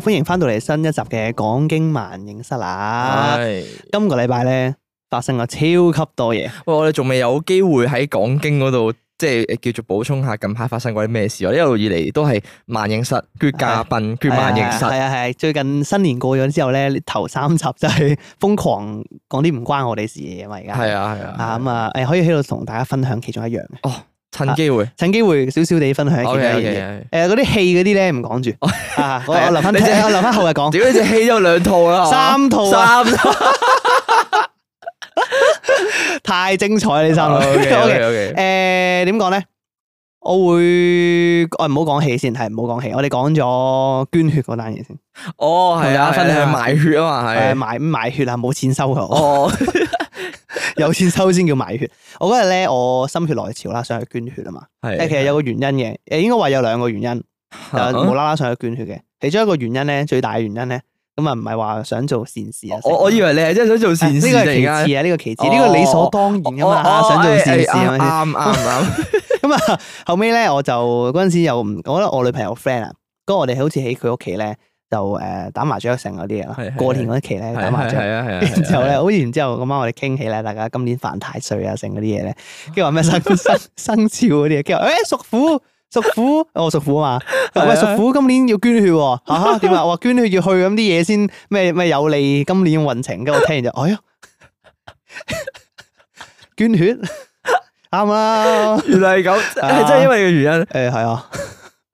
歡迎翻到嚟新一集嘅《港經萬影室》啦！是今個禮拜咧發生咗超級多嘢，喂，我哋仲未有機會喺《港經》嗰度，即係叫做補充下近排發生過啲咩事咯。一路以嚟都係萬影室缺嘉賓，缺萬影室。係啊係，最近新年過咗之後咧，頭三集就係瘋狂講啲唔關我哋事嘅嘢嘛。而家係啊係啊，啊咁啊，誒、嗯、可以喺度同大家分享其中一樣。哦趁機會，趁機會少少地分享一啲嘢。誒，嗰啲戲嗰啲咧唔講住。啊，我留翻聽，我留翻後日講。屌，你隻戲都有兩套啦，三套啊！太精彩啦呢三套。O K O K。誒，點講咧？我會，啊，唔好講戲先，係唔好講戲。我哋講咗捐血嗰單嘢先。哦，係啊，分享賣血啊嘛，係賣賣血啊，冇錢收噶。哦。有錢收先叫賣血。我嗰日咧，我心血來潮啦，想去捐血啊嘛。即係是的 其實有個原因嘅，誒，應該話有兩個原因，啊、無啦啦想去捐血嘅。其中一個原因咧，最大嘅原因咧，咁啊，唔係話想做善事啊。我我以為你係真係想做善事呢嘅。其次啊，呢、呢個其次，呢、啊、個理所當然啊嘛。哦哦、哎哎想做善事啊嘛。啱啱啱。咁啊，後尾咧，我就嗰陣時又唔，我覺得我女朋友 friend 啊，嗰我哋好似喺佢屋企咧。就誒打麻雀成嗰啲嘢，的過年嗰期咧打麻雀，的然之後咧，好然之後咁啱的我哋傾起咧，大家今年犯太歲啊，成嗰啲嘢咧，跟住話咩生生生肖嗰啲，跟住誒屬虎屬虎，我屬虎啊、哦、嘛，喂屬虎今年要捐血，吓點啊，話捐血要去咁啲嘢先咩咩有利今年運程，跟住我聽完就哎呀捐血啱 啊， 原嚟係咁，係 真係因為個原因是的，誒係啊。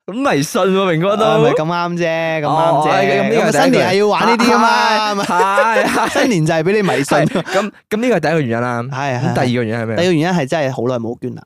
咁迷信喎，明哥都唔咪咁啱啫，咁啱啫。新年係要玩呢啲噶嘛？係新年就係俾你迷信。咁咁呢個係第一個原因啦。係咁，第二個原因係咩？第二個原因係真係好耐冇捐啦。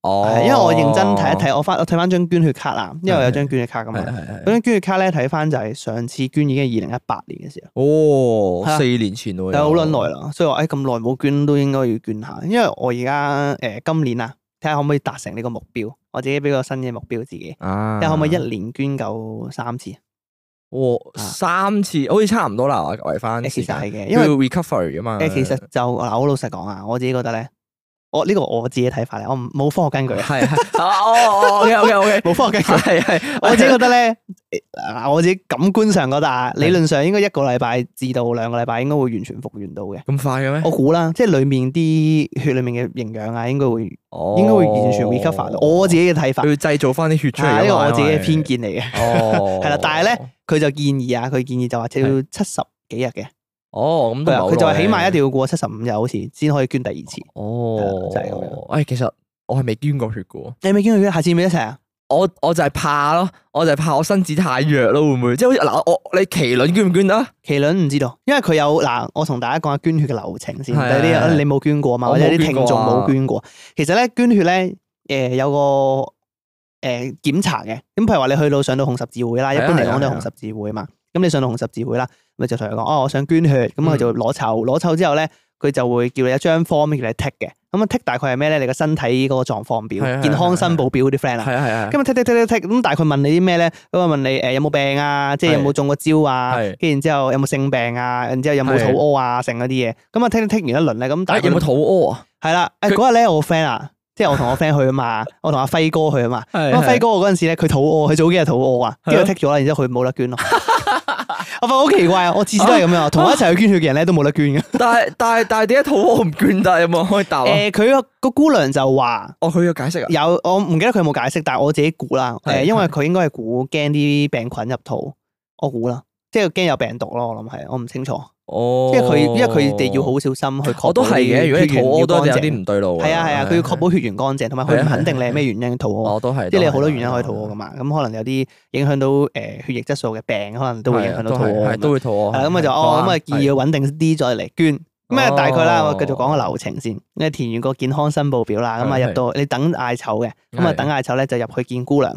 哦，因為我認真睇一睇，我發我睇翻張捐血卡啊，因為有張捐血卡咁嘛。咁張捐血卡咧，睇翻就係上次捐已經係二零一八年嘅時候。哦，四年前喎，但係好耐啦，所以話誒咁耐冇捐都應該要捐下，因為我而家誒今年啊。睇下可唔可以達成呢個目標，我自己俾個新嘅目標自己，睇下、啊、可唔可以一年捐夠三次。哦，三次好似、啊、差唔多啦，維翻時間嘅，因為要 recover 啊嘛。誒，其實就嗱，好老實講啊，我自己覺得咧。我呢個我自己睇法嚟，我唔冇科學根據，係係哦哦，OK OK OK，冇科學根據，係係，我自己覺得咧，嗱我自己感官上覺得，的理論上應該一個禮拜至到兩個禮拜應該會完全復原到嘅。咁快嘅咩？我估啦，即係裡面啲血裡面嘅營養啊，應該會，哦、應該會完全 recover 到。我自己嘅睇法，佢製造翻啲血出嚟，呢個 我自己嘅偏見嚟嘅，係啦、哦。 但係咧，佢就建議啊，佢建議就話要七十幾日嘅。哦，咁都有。佢就係起碼一定要過七十五日，好似先可以捐第二次。哦，就係咁樣。誒，其實我係未捐過血嘅。你未捐過血，下次咪一齊啊？我我就係怕咯，我就係怕我身子太弱咯，會唔會？即係好似嗱，我你麒麟捐唔捐得？麒麟唔知道，因為佢有嗱，我同大家講下捐血嘅流程先，有啲人你冇捐過啊嘛，或者啲聽眾冇捐過。其實咧，捐血咧，誒有個誒檢查嘅，咁譬如話你去到上到紅十字會啦，一般嚟講都係紅十字會啊嘛。咁你上到紅十字會啦，咪就同佢講，哦，我想捐血，咁佢就攞抽，攞抽之後咧，佢就會叫你一張 form 叫你 tick 嘅，咁啊 tick 大概係咩咧？你個身體嗰個狀況表，是的是的健康申報表嗰啲 friend 啊，咁啊 tick tick tick tick，咁大概問你啲咩咧？咁啊問你誒有冇病啊，即係有冇中過招啊，跟住是的 然後之後有冇性病啊，然後之後有冇肚屙啊，剩嗰啲嘢，咁啊 tick tick 完一輪咧，咁有冇肚屙啊？係啦，誒嗰日咧我 friend 啊。即係我同我 friend 去啊嘛，我同阿輝哥去啊嘛。咁輝 哥嗰陣時咧，佢肚餓，佢早幾日肚餓啊，之後剔咗啦，然之後佢冇得捐咯。 我發覺好奇怪啊，我次次都係咁樣，同我一齊去捐血嘅人咧都冇得捐嘅。 但係但係但係點解肚餓唔捐得？有冇開答誒，佢個、呃、姑娘就話，哦，佢有解釋啊？有，我唔記得佢有冇解釋，但係我自己估啦。誒 的，因為佢應該係估驚啲病菌入肚，我估啦，即係驚有病毒咯。我諗係，我唔清楚。哦，因為佢因為佢哋要好小心去確保，我都係嘅。如果啲血都要有啲唔對路，係啊係啊，佢要確保血源乾淨，同埋佢唔肯定你係咩原因肚屙。我都係。即係你好多原因可以肚屙噶嘛，咁可能有啲影響到誒血液質素嘅病，可能都會影響到肚屙，都會肚屙。咁啊就哦咁啊，建議要穩定啲再嚟捐，咁啊大概啦，我繼續講個流程先。咁啊填完個健康申報表啦，咁啊入到你等艾丑嘅，咁啊等艾丑咧就入去見姑娘。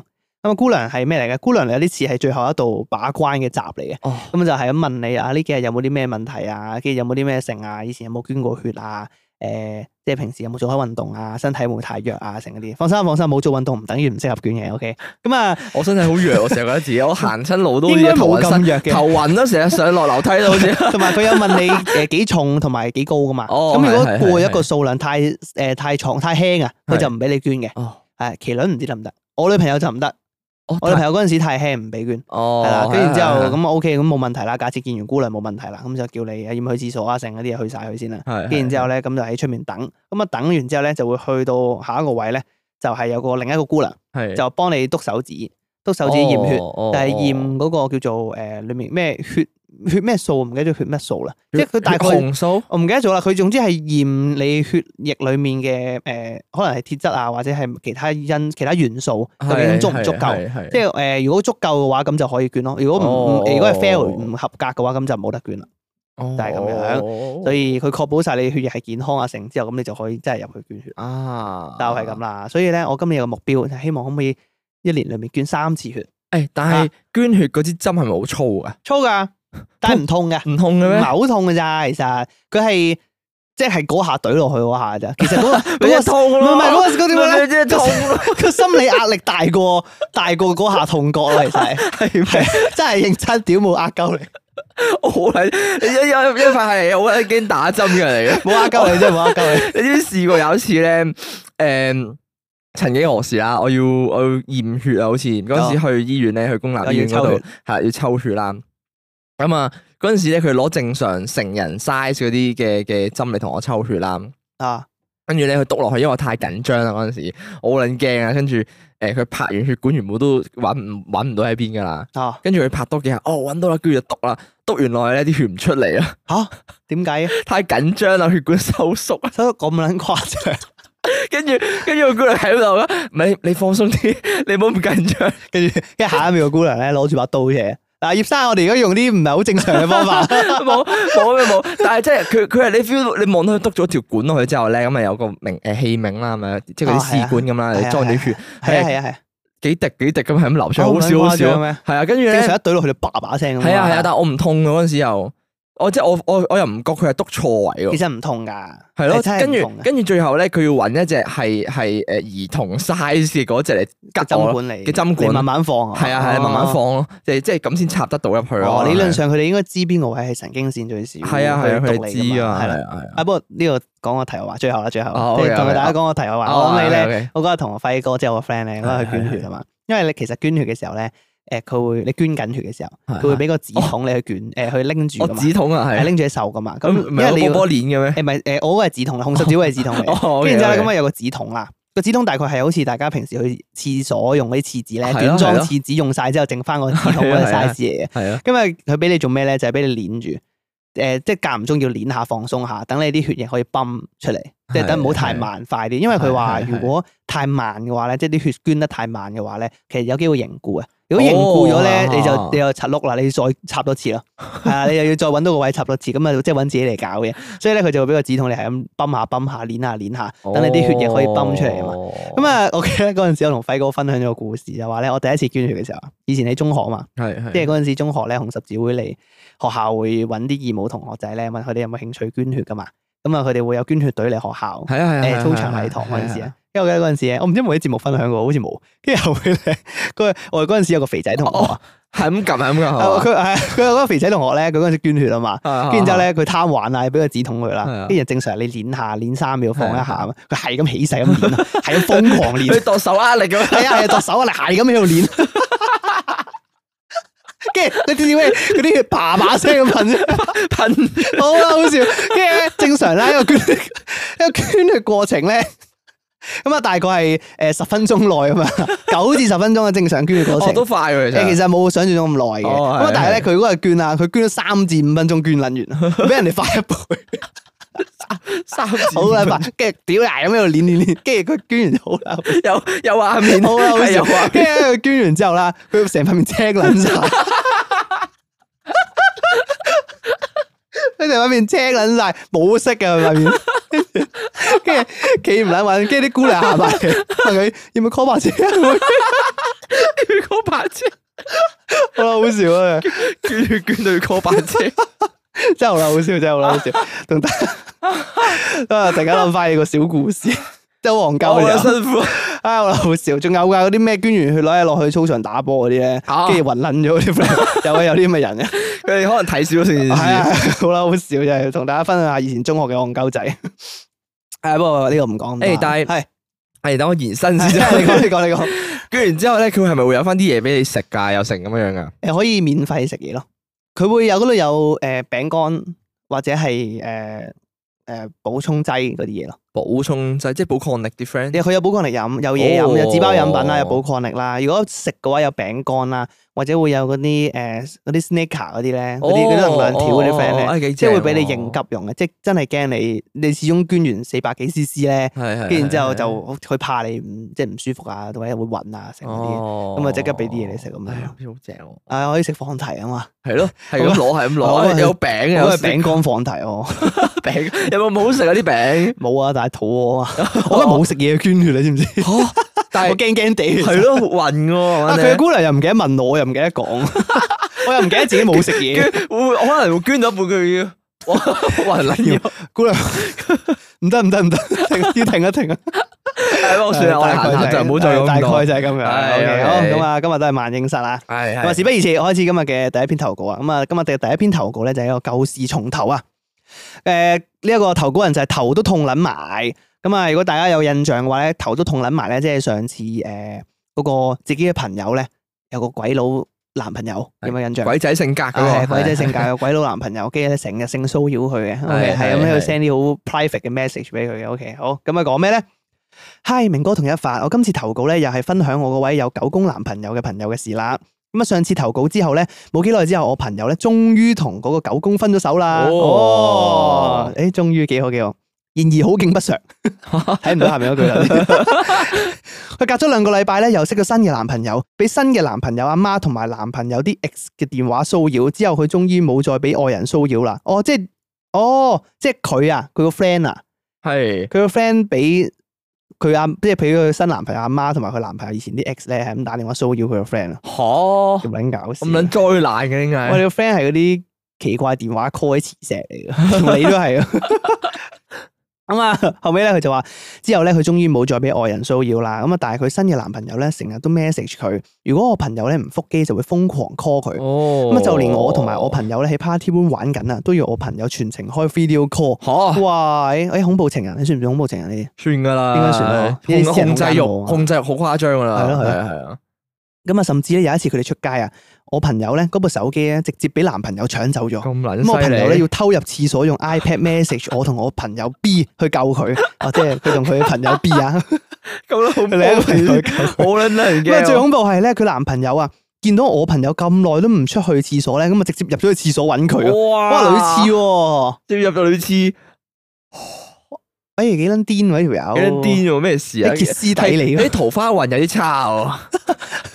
咁姑娘係咩嚟嘅？姑娘嚟有啲似係最後一度把關嘅閘嚟嘅。咁、哦嗯、就係、是、咁問你啊，呢幾日有冇啲咩問題啊？跟住有冇啲咩剩啊？以前有冇捐過血啊？誒、呃，即係平時有冇做開運動啊？身體會唔會太弱啊？成嗰啲，放心放心，冇做運動唔等於唔適合捐嘢。O K，咁啊，嗯、我身體好弱， 我成日覺得自己我行親路 都應冇咁弱嘅，頭暈都成日上落樓梯都好似。同埋佢有問你誒幾、呃、重同埋幾高噶嘛？哦，咁如果過一個數量太誒、呃、太重太輕啊，佢就唔俾你捐嘅。是哦，係、嗯，麒麟唔知得唔得？我女朋友就唔得。哦、我女朋友嗰陣時太輕唔俾捐，係啦，跟、哦、的然之後咁啊 OK，咁冇問題啦。的假設見完姑娘冇問題啦，咁就叫你啊，要去廁所啊，剩嗰啲嘢去晒佢先啦。係是的，跟然之後咧，咁就喺出面等。咁啊等完之後咧，就會去到下一個位咧，就係、是、有個另一個姑娘，係是的 就幫你篤手指、篤手指驗血，但係、哦哦、驗嗰個叫做誒、呃，裏面咩血。血咩素唔記得咗血咩素啦，血即係佢大概紅素我唔記得咗啦。佢總之係驗你血液裏面嘅誒、呃，可能係鐵質啊，或者係其他因其他元素，究竟足唔足夠？即係誒、呃，如果足夠嘅話，咁就可以捐咯、哦。如果唔如果係 fail 唔合格嘅話，咁就冇得捐啦。哦、就係咁樣，所以佢確保晒你血液係健康啊成之後，咁你就可以真係入去捐血啊。就係咁啦。所以咧，我今日有個目標係希望可唔可以一年裏面捐三次血。誒，但係捐血嗰支針係咪好粗啊？粗噶。但係唔痛嘅，唔痛嘅咩？唔係好痛嘅咋，其實佢係即係嗰下懟落去嗰下咋。其實嗰個嗰個痛，唔係嗰個嗰啲咩咧？即係痛咯。個心理壓力大過大過嗰下痛覺嚟，實係咪真係認真屌冇呃鳩你？我嚟，一一塊係我驚打針嘅嚟嘅，冇呃鳩你真係冇呃鳩你。你知唔試過？有一次咧，誒，曾經何時啦？我要我驗血啊，好似嗰時去醫院咧，去公立醫院嗰度係要抽血啦。咁啊，嗰陣、嗯、時咧，佢攞正常成人 size 嗰啲嘅嘅針嚟同我抽血啦，啊，跟住咧佢督落去，因為我太緊張啦，嗰陣時我，我好撚驚啊，跟住，誒，佢拍完血管，全部都揾唔揾唔到喺邊噶啦，啊，跟住佢拍多幾下，哦，揾到啦，跟住就督啦，督完落去咧啲血唔出嚟啦，吓、啊，點解？太緊張啦，血管收縮，收縮咁撚誇張，跟 住，跟住個姑娘喺度咯，你你放鬆啲，你唔好咁緊張，跟住，跟住下一面個姑娘咧攞住把刀嘅。 嗱，葉生，我哋而家用啲唔係好正常嘅方法，冇冇咩冇，但係即係佢佢係你 feel，你望到佢督咗條管落去之後咧，咁咪有個名誒器皿啦，係咪？即係嗰啲試管咁啦，裝住啲血係啊係，幾滴幾滴咁係咁流出嚟，好少好少咩？係啊，跟住咧一懟落去，佢就叭叭聲咁啊，係啊係啊，但我唔痛嗰陣時候。哦，即係我我我又唔覺佢係督錯位喎。其實唔痛噶係咯，跟住跟住最後咧，佢要揾一隻係係誒兒童 size 嗰隻嚟，針管嚟嘅針管，慢慢放。係啊係啊，慢慢放咯，即係即係咁先插得到入去咯。理論上佢哋應該知邊個位係神經線最少，係啊係啊，佢知啊，係啦係啊。不過呢個講個題外話，最後啦最後，同大家講個題外話，我咧我嗰日同阿輝哥即係我 friend 咧，嗰日去捐血係嘛，因為你其實捐血嘅時候咧。誒，佢會你捐緊血嘅時候，佢會俾個紙筒你去捲，誒，去拎住。哦，紙筒啊，係拎住隻手噶嘛，咁因為你要攞波鏈嘅咩？誒，唔係，誒，我嗰個紙筒係紅十字會紙筒嚟，跟住之後咧咁啊有個紙筒啦，個紙筒大概係好似大家平時去廁所用啲廁紙咧，卷裝廁紙用晒之後剩翻個紙筒嘅 size 嘅係啊，因為佢俾你做咩咧？就係俾你鏈住，誒，即係間唔中要鏈下放鬆下，等你啲血液可以泵出嚟，即係等唔好太慢快啲。因為佢話如果太慢嘅話咧，即係啲血捐得太慢嘅話咧，其實有機會凝固啊。如果凝固咗咧，哦啊、你就你就插碌啦，你再插多次咯，係啊，你又要再揾到個位插多次，咁啊，即係揾自己嚟搞嘅。所以咧，佢就會俾個止痛，你係咁泵下泵下，捻下捻下，等你啲血液可以泵出嚟嘛。咁啊、哦嗯，我記得嗰陣時我同輝哥分享咗個故事，就話咧，我第一次捐血嘅時候，以前喺中學嘛，是是即係嗰陣時中學咧，紅十字會嚟學校會揾啲義務同學仔咧，問佢哋有冇興趣捐血噶嘛。咁啊，佢哋會有捐血隊嚟學校，啊，係啊。操場禮堂嗰陣時啊，啊因為咧嗰陣時咧，我唔知有冇啲節目分享過，好似冇。跟住後尾咧，嗰 我哋嗰陣時有個肥仔同學，係咁撳係咁，佢係佢係嗰個肥仔同學咧，佢嗰陣時捐血啊嘛，跟住之後咧，佢貪玩啊，俾個紙筒佢啦，跟住、啊、正常你捻下捻三秒放一下，佢係咁起勢咁捻，係咁瘋狂捻，佢剁手壓力咁，係啊，啊，剁手壓力鞋咁喺度捻。 跟住你知咩？嗰啲叭叭聲咁噴啫？噴好啦，好笑。跟住咧，正常啦，一個捐一個捐嘅過程咧，咁啊，大概係誒十分鐘內啊嘛，九至十分鐘嘅正常捐血過程。哦、都快啊其實其實冇想象中咁耐嘅。咁啊、哦，但係咧，佢嗰個捐啊，佢捐咗三至五分鐘捐撚完，比人哋快一倍。三好啦，跟住屌你咁喺度練練練，跟住佢捐完好啦，又又話面好啦，好笑。跟住佢捐完之後啦，佢成塊面青捻晒，佢成塊面青捻晒，冇色嘅佢面。跟住企唔捻穩，跟住啲姑娘行埋，問佢要唔要 call 白車，要 call 白車，好啦，好笑啊，捐血捐到 call 白車，真係好啦，好笑，真係好啦，好笑，得。突然間諗翻嘢個小故事，即係憨鳩，辛苦。啊，好笑，仲有噶嗰啲咩捐完血攞嘢落去操場打波嗰啲咧，跟住暈捻咗啲，又啊有啲咁嘅人嘅，佢哋可能睇少少成件事好啦、哎，好笑就係同大家分享下以前中學嘅憨鳩仔。誒，不過呢個唔講。誒，但係係、 哎、等我延伸先。你講你講你講。捐完之後咧，佢係咪會有翻啲嘢俾你食噶？有成咁樣樣噶？誒、嗯，可以免費食嘢咯。佢會有嗰度有誒餅乾或者係誒。呃誒補、呃、充劑嗰啲嘢咯。補充就係即係寶礦力啲 friend，誒佢有寶礦力飲，有嘢飲，有紙包飲品啦，有寶礦力啦。如果食嘅話有餅乾啦，或者會有嗰啲誒啲 snicker 嗰啲咧，嗰啲嗰啲能量條嗰啲 friend 咧，即係會俾你應急用嘅，即係真係驚你你始終捐完四百幾 c c 咧，跟住然之後就佢怕你即係唔舒服啊，或者會暈啊，食嗰啲，咁啊即刻俾啲嘢你食咁樣，啲好正喎，可以食放題啊嘛，係咯係咁攞，係咁攞，有餅有餅乾放題哦，餅有冇好食啊啲餅？冇啊，但。肚餓啊，我冇食嘢捐血，你知唔知？但係我驚驚地，係咯暈。佢姑娘又唔記得問我，又唔記得講，我又唔記得自己冇食嘢。我可能會捐咗半句腰，暈啦！姑娘，唔得唔得唔得，要停一停一停啊！係咯，算啦，我行就唔好再。大概就係咁樣。好，咁啊，今日都係萬應室啊。係係，話事不宜遲，我開始今日嘅第一篇投稿啊。咁啊，今日第第一篇投稿咧就係一個舊事重投啊。誒，呢一、嗯這個投稿人就係頭都痛捻埋，咁啊，如果大家有印象嘅話咧，頭都痛捻埋咧，即係上次誒，嗰、呃那個自己嘅朋友咧，有個鬼佬男朋友，是有冇印象？鬼仔性格嘅，哦、是鬼仔性格有鬼佬男朋友，跟住咧成日性騷擾佢嘅，係咁喺度 send 啲好 private 嘅 message 俾佢嘅，O K，好，咁啊，講咩咧？嗨，明哥同一發，我今次投稿咧又係分享我嗰位有狗公男朋友嘅朋友嘅事啦。咁啊，上次投稿之後咧，冇幾耐之後，我朋友咧，終於同嗰個狗公分咗手啦。哦，誒、哦哎，終於幾好幾好。然而好景不常，睇唔到下面嗰句啦。佢隔咗兩個禮拜咧，又識咗新嘅男朋友，俾新嘅男朋友阿媽同埋男朋友啲 ex 嘅電話騷擾，之後佢終於冇再俾外人騷擾啦。哦，即係，哦，即係佢啊，佢個 friend 啊，係佢個 friend 俾。佢阿即係譬如佢新男朋友阿媽同埋佢男朋友以前啲 ex 咧係咁打電話騷擾佢個 friend 啊吓咁捻搞笑，咁捻災難嘅點解？ 我哋個 friend 係嗰啲奇怪電話 call 磁石嚟嘅， 同你都係啊。.咁啊，後尾咧佢就話，之後咧佢終於冇再俾外人騷擾啦。咁啊，但係佢新嘅男朋友咧，成日都 message 佢。如果我朋友咧唔復機，就會瘋狂 call 佢。咁啊，就連我同埋我朋友咧喺 party room 玩緊啊，都要我朋友全程開 video call。哦、哇！哎、欸、恐怖情人，你算唔算恐怖情人呢啲？算噶了啦，邊個算啊？控制欲，控制好誇張噶啦。係咯，係啊，係啊。咁啊，甚至咧有一次佢哋出街啊。我朋友咧嗰部手機咧，直接俾男朋友搶走咗。咁撚犀利！咁我朋友咧要偷入廁所用 iPad message，我同我朋友 B 去救佢，即係佢同佢嘅朋友 B 啊。 朋友救得好唔好？我友都唔驚。不過最恐怖係咧，佢男朋友啊，見到我朋友咁耐都唔出去廁所咧，咁啊直接入咗去廁所揾佢。哇，哇！女廁仲要入到女廁。 哎，幾卵癲喎呢條友？幾撚癲喎？咩事啊？啲桃花運有啲差。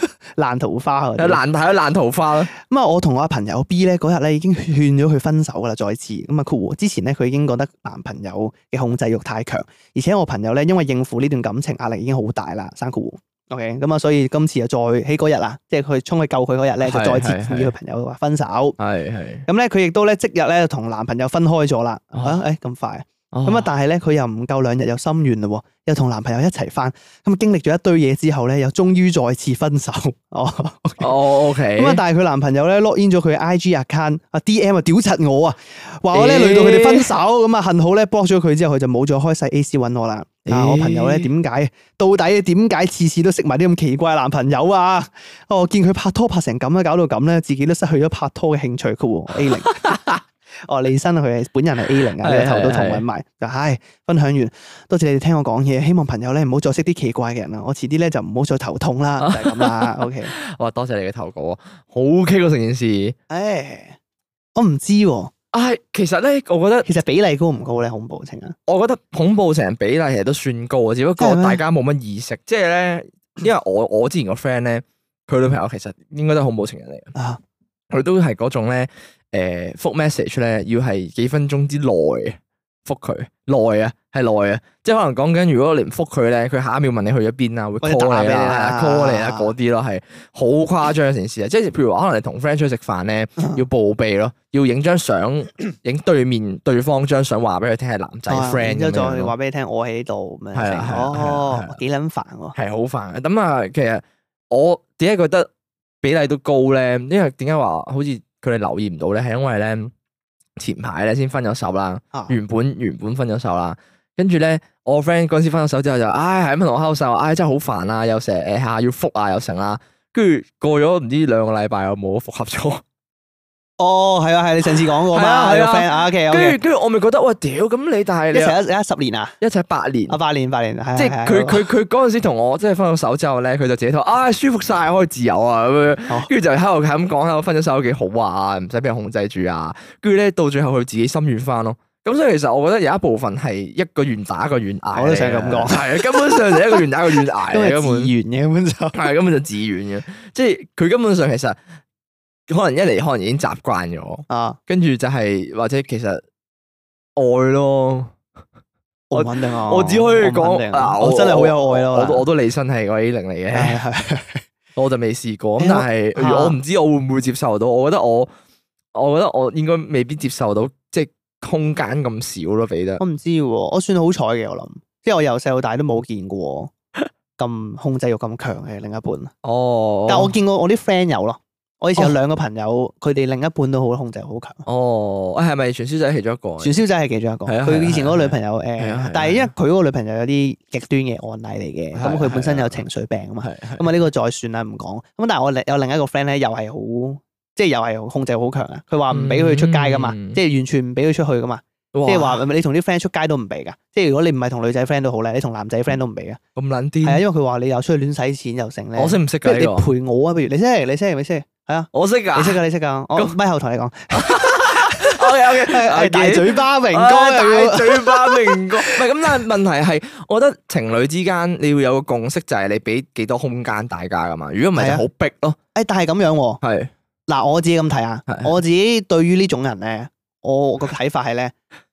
爛桃花啊！爛係爛桃花咯。咁啊，我同我朋友 B 咧嗰日咧已經勸咗佢分手噶啦，再次。咁啊，括弧！之前咧佢已經覺得男朋友嘅控制欲太強，而且我朋友咧因為應付呢段感情壓力已經好大啦，生括弧。O K，咁啊，所以今次又再喺嗰日啊，即係佢衝去救佢嗰日咧，是 就再次建議佢朋友話分手。係係。咁咧，佢亦都咧即日咧同男朋友分開咗啦。的啊誒，咁快？咁啊！但係咧，佢又唔夠兩日有心願咯，又同男朋友一齊翻，咁經歷咗一堆嘢之後咧，又終於再次分手。 哦，哦，OK。咁啊，但係佢男朋友咧 lock in 咗佢 IG account，啊 DM 啊屌柒我啊，話我咧累到佢哋分手。咁啊、欸，幸好咧駁咗佢之後，佢就冇再開細 AC 揾我啦。欸、啊，我朋友咧點解？到底點解次次都識埋啲咁奇怪男朋友啊？ 我見佢拍拖拍成咁啦，搞到咁咧，自己都失去咗拍拖嘅興趣噶。A 零。 哦，李生佢本人係 A 零啊，頭都痛撚埋。就唉，分享完，多謝你哋聽我講嘢。希望朋友咧唔好再識啲奇怪嘅人啦。我遲啲咧就唔好再頭痛啦，就係咁啦。OK，我話，多謝你嘅投稿，好 OK 咯成件事。誒，我唔知喎。啊，其實咧，我覺得其實比例高唔高咧，恐怖情人。我覺得恐怖情人比例其實都算高，只不過大家冇乜意識。即係咧，因為我我之前個 friend 咧，佢女朋友其實應該都恐怖情人嚟嘅。啊，佢都係嗰種咧。誒，覆 message 咧，要係幾分鐘之內覆佢，耐啊，係耐啊，即係可能講緊，如果你唔覆佢咧，佢下一秒問你去咗邊啊，會 call 你啊，call 你啊嗰啲咯，係好誇張成件事啊！即係譬如話，可能你同 friend 出去食飯咧，要報備咯，要影張相，影對面對方張相話俾佢聽係男仔 friend，然後再話俾佢聽我喺度咁樣，係啊，哦，幾撚煩喎，係好煩。咁啊，其實我點解覺得比例都高咧？因為點解話好似？佢哋留意唔到咧，係因為咧前排咧先分咗手啦，啊，原本原本分咗手啦，跟住咧我 friend 嗰時分咗手之後就，唉，係咁同我敲手。唉，真係好煩啦，又成日下下要復啊，又，哎、呀要啊又成啦，跟住過咗唔知兩個禮拜又冇復合咗。 哦，係啊、oh, yes, okay, okay.，係你上次講過嘛，係啊，friend 阿 K，跟住跟住我咪覺得，哇，屌，咁你但係一齊一十年啊，一齊八年啊，八年八年，即係佢佢佢嗰陣時同我即係分咗手之後咧，佢就自己話啊、ah, 舒服晒，可以自由啊咁、oh. 樣，跟住就喺度咁講，我分咗手幾好啊，唔使俾人控制住啊，跟住咧到最後佢自己心軟翻咯。咁所以其實我覺得有一部分係一個願打一個願挨，我都想咁講， 係根本上就一個願打一個願挨嘅根本，就， 係根本就自願嘅，即係佢根本上其實。可能一嚟，可能已經習慣咗啊。跟住就係或者其實愛咯，我我只可以講，我真係好有愛咯。我我都離身係我 A 零嚟嘅，我就未試過。咁但係我唔知我會唔會接受到。我覺得我，我覺得我應該未必接受到，即係空間咁少咯。俾得我唔知，我算好彩嘅。我諗，即為即係我由細到大都冇見過咁控制欲咁強嘅另一半。哦，但係我見過我啲 friend 有咯。我以前有兩個朋友，佢哋另一半都好控制，好強。哦，我係咪傳銷仔其中一個？傳銷仔係其中一個。佢以前嗰個女朋友誒，但係因為佢嗰個女朋友有啲極端嘅案例嚟嘅，咁佢本身有情緒病啊嘛。咁啊，呢個再算啦，唔講。咁但係我有另一個 friend 咧，又係好即係又係控制好強啊！佢話唔俾佢出街噶嘛，即係完全唔俾佢出去噶嘛。即係話你同啲 friend 出街都唔俾噶。即係如果你唔係同女仔 friend 都好咧，你同男仔 friend 都唔俾啊。咁撚啲？係啊，因為佢話你又出去亂使錢又成我識唔識㗎呢個？不如陪我啊！不如你識，你識咪識？係啊，我識噶，你識噶，那你識噶，我咪後台你講。我有嘅係大嘴巴明哥，大嘴巴明哥。唔係咁，但係問題係，我覺得情侶之間你要有個共識，就係你俾幾多空間大家噶嘛。如果唔係就好逼咯。誒、啊， 但係咁樣喎、啊。係是，嗱我自己咁睇啊，是是我自己對於呢種人咧，我個睇法係咧，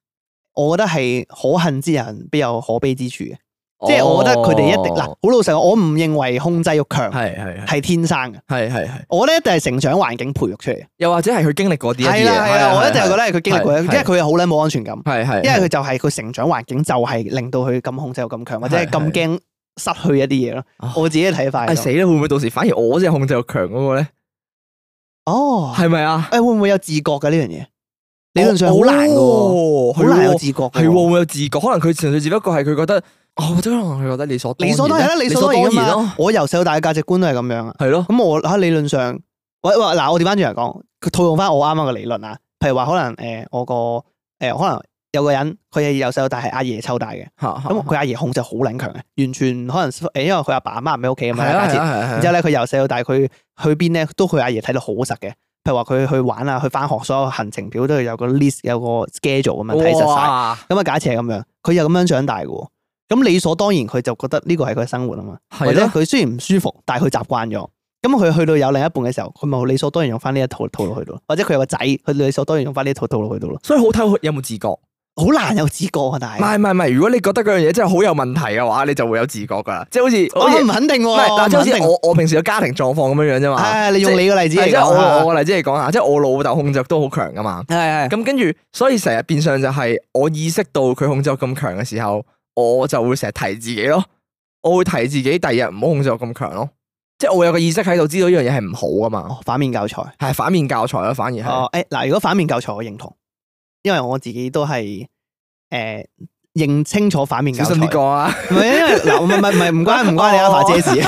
我覺得係可恨之人必有可悲之處嘅。即係我覺得佢哋一定嗱，好老實，我唔認為控制欲強係係係天生嘅，係係係，我咧一定係成長環境培育出嚟，又或者係佢經歷嗰啲係係啊，我一直係覺得係佢經歷過，即係佢又好諗冇安全感，係係，因為佢就係佢成長環境就係令到佢咁控制欲咁強，或者係咁驚失去一啲嘢咯。我自己睇法係死啦，會唔會到時反而我先係控制欲強嗰個咧？哦，係咪啊？誒，會唔會有自覺嘅呢樣嘢？理論上好難噶，好難有自覺，係會唔會有自覺？可能佢純粹只不過係佢覺得。我都我係覺得理所理所當然，理所當然咯。然也我由細到大嘅價值觀都係咁樣啊。係咯的。咁我喺理論上，喂嗱，我哋翻轉嚟講，套用翻我啱啱嘅理論啊。譬如話，可能誒、呃、我個誒、呃、可能有個人，佢係由細到大係阿爺湊大嘅，咁佢 阿爺控制好撚強嘅，完全可能因為佢阿爸阿媽唔喺屋企咁樣，然之後咧佢由細到大佢去邊咧都佢阿爺睇到好實嘅。譬如話佢去玩啊，去翻學，所有行程表都係有個 list，有個 schedule 咁樣睇實曬。咁啊哇，假設係咁樣，佢又咁樣長大嘅。咁理所當然，佢就覺得呢個係佢嘅生活啊嘛，或者佢雖然唔舒服，但係佢習慣咗。咁佢去到有另一半嘅時候，佢咪理所當然用翻呢一套套路去到咯。或者佢有個仔，佢理所當然用翻呢一套套路去到咯。所以好睇有冇自覺，好難有自覺啊！但係唔係唔係唔係，如果你覺得嗰樣嘢真係好有問題嘅話，你就會有自覺噶啦。即係好似，我唔肯定，但係即係我我平時嘅家庭狀況咁樣樣啫嘛。你用你嘅例子嚟講我嘅例子嚟講下，即係我老豆控制都好強㗎嘛。咁跟住，所以成日變相就係我意識到佢控制咁強嘅時候。我就會成日提自己咯，我會提自己第二日唔好控制我咁強咯，即係我有個意識喺度，知道呢樣嘢係唔好㗎嘛，哦，反面教材係反面教材咯，反而係。誒嗱，哦欸，如果反面教材，我認同，因為我自己都係誒認清楚反面教材。小心啲講啊，唔係，唔係，唔係，唔關，唔 關你阿爸姐事。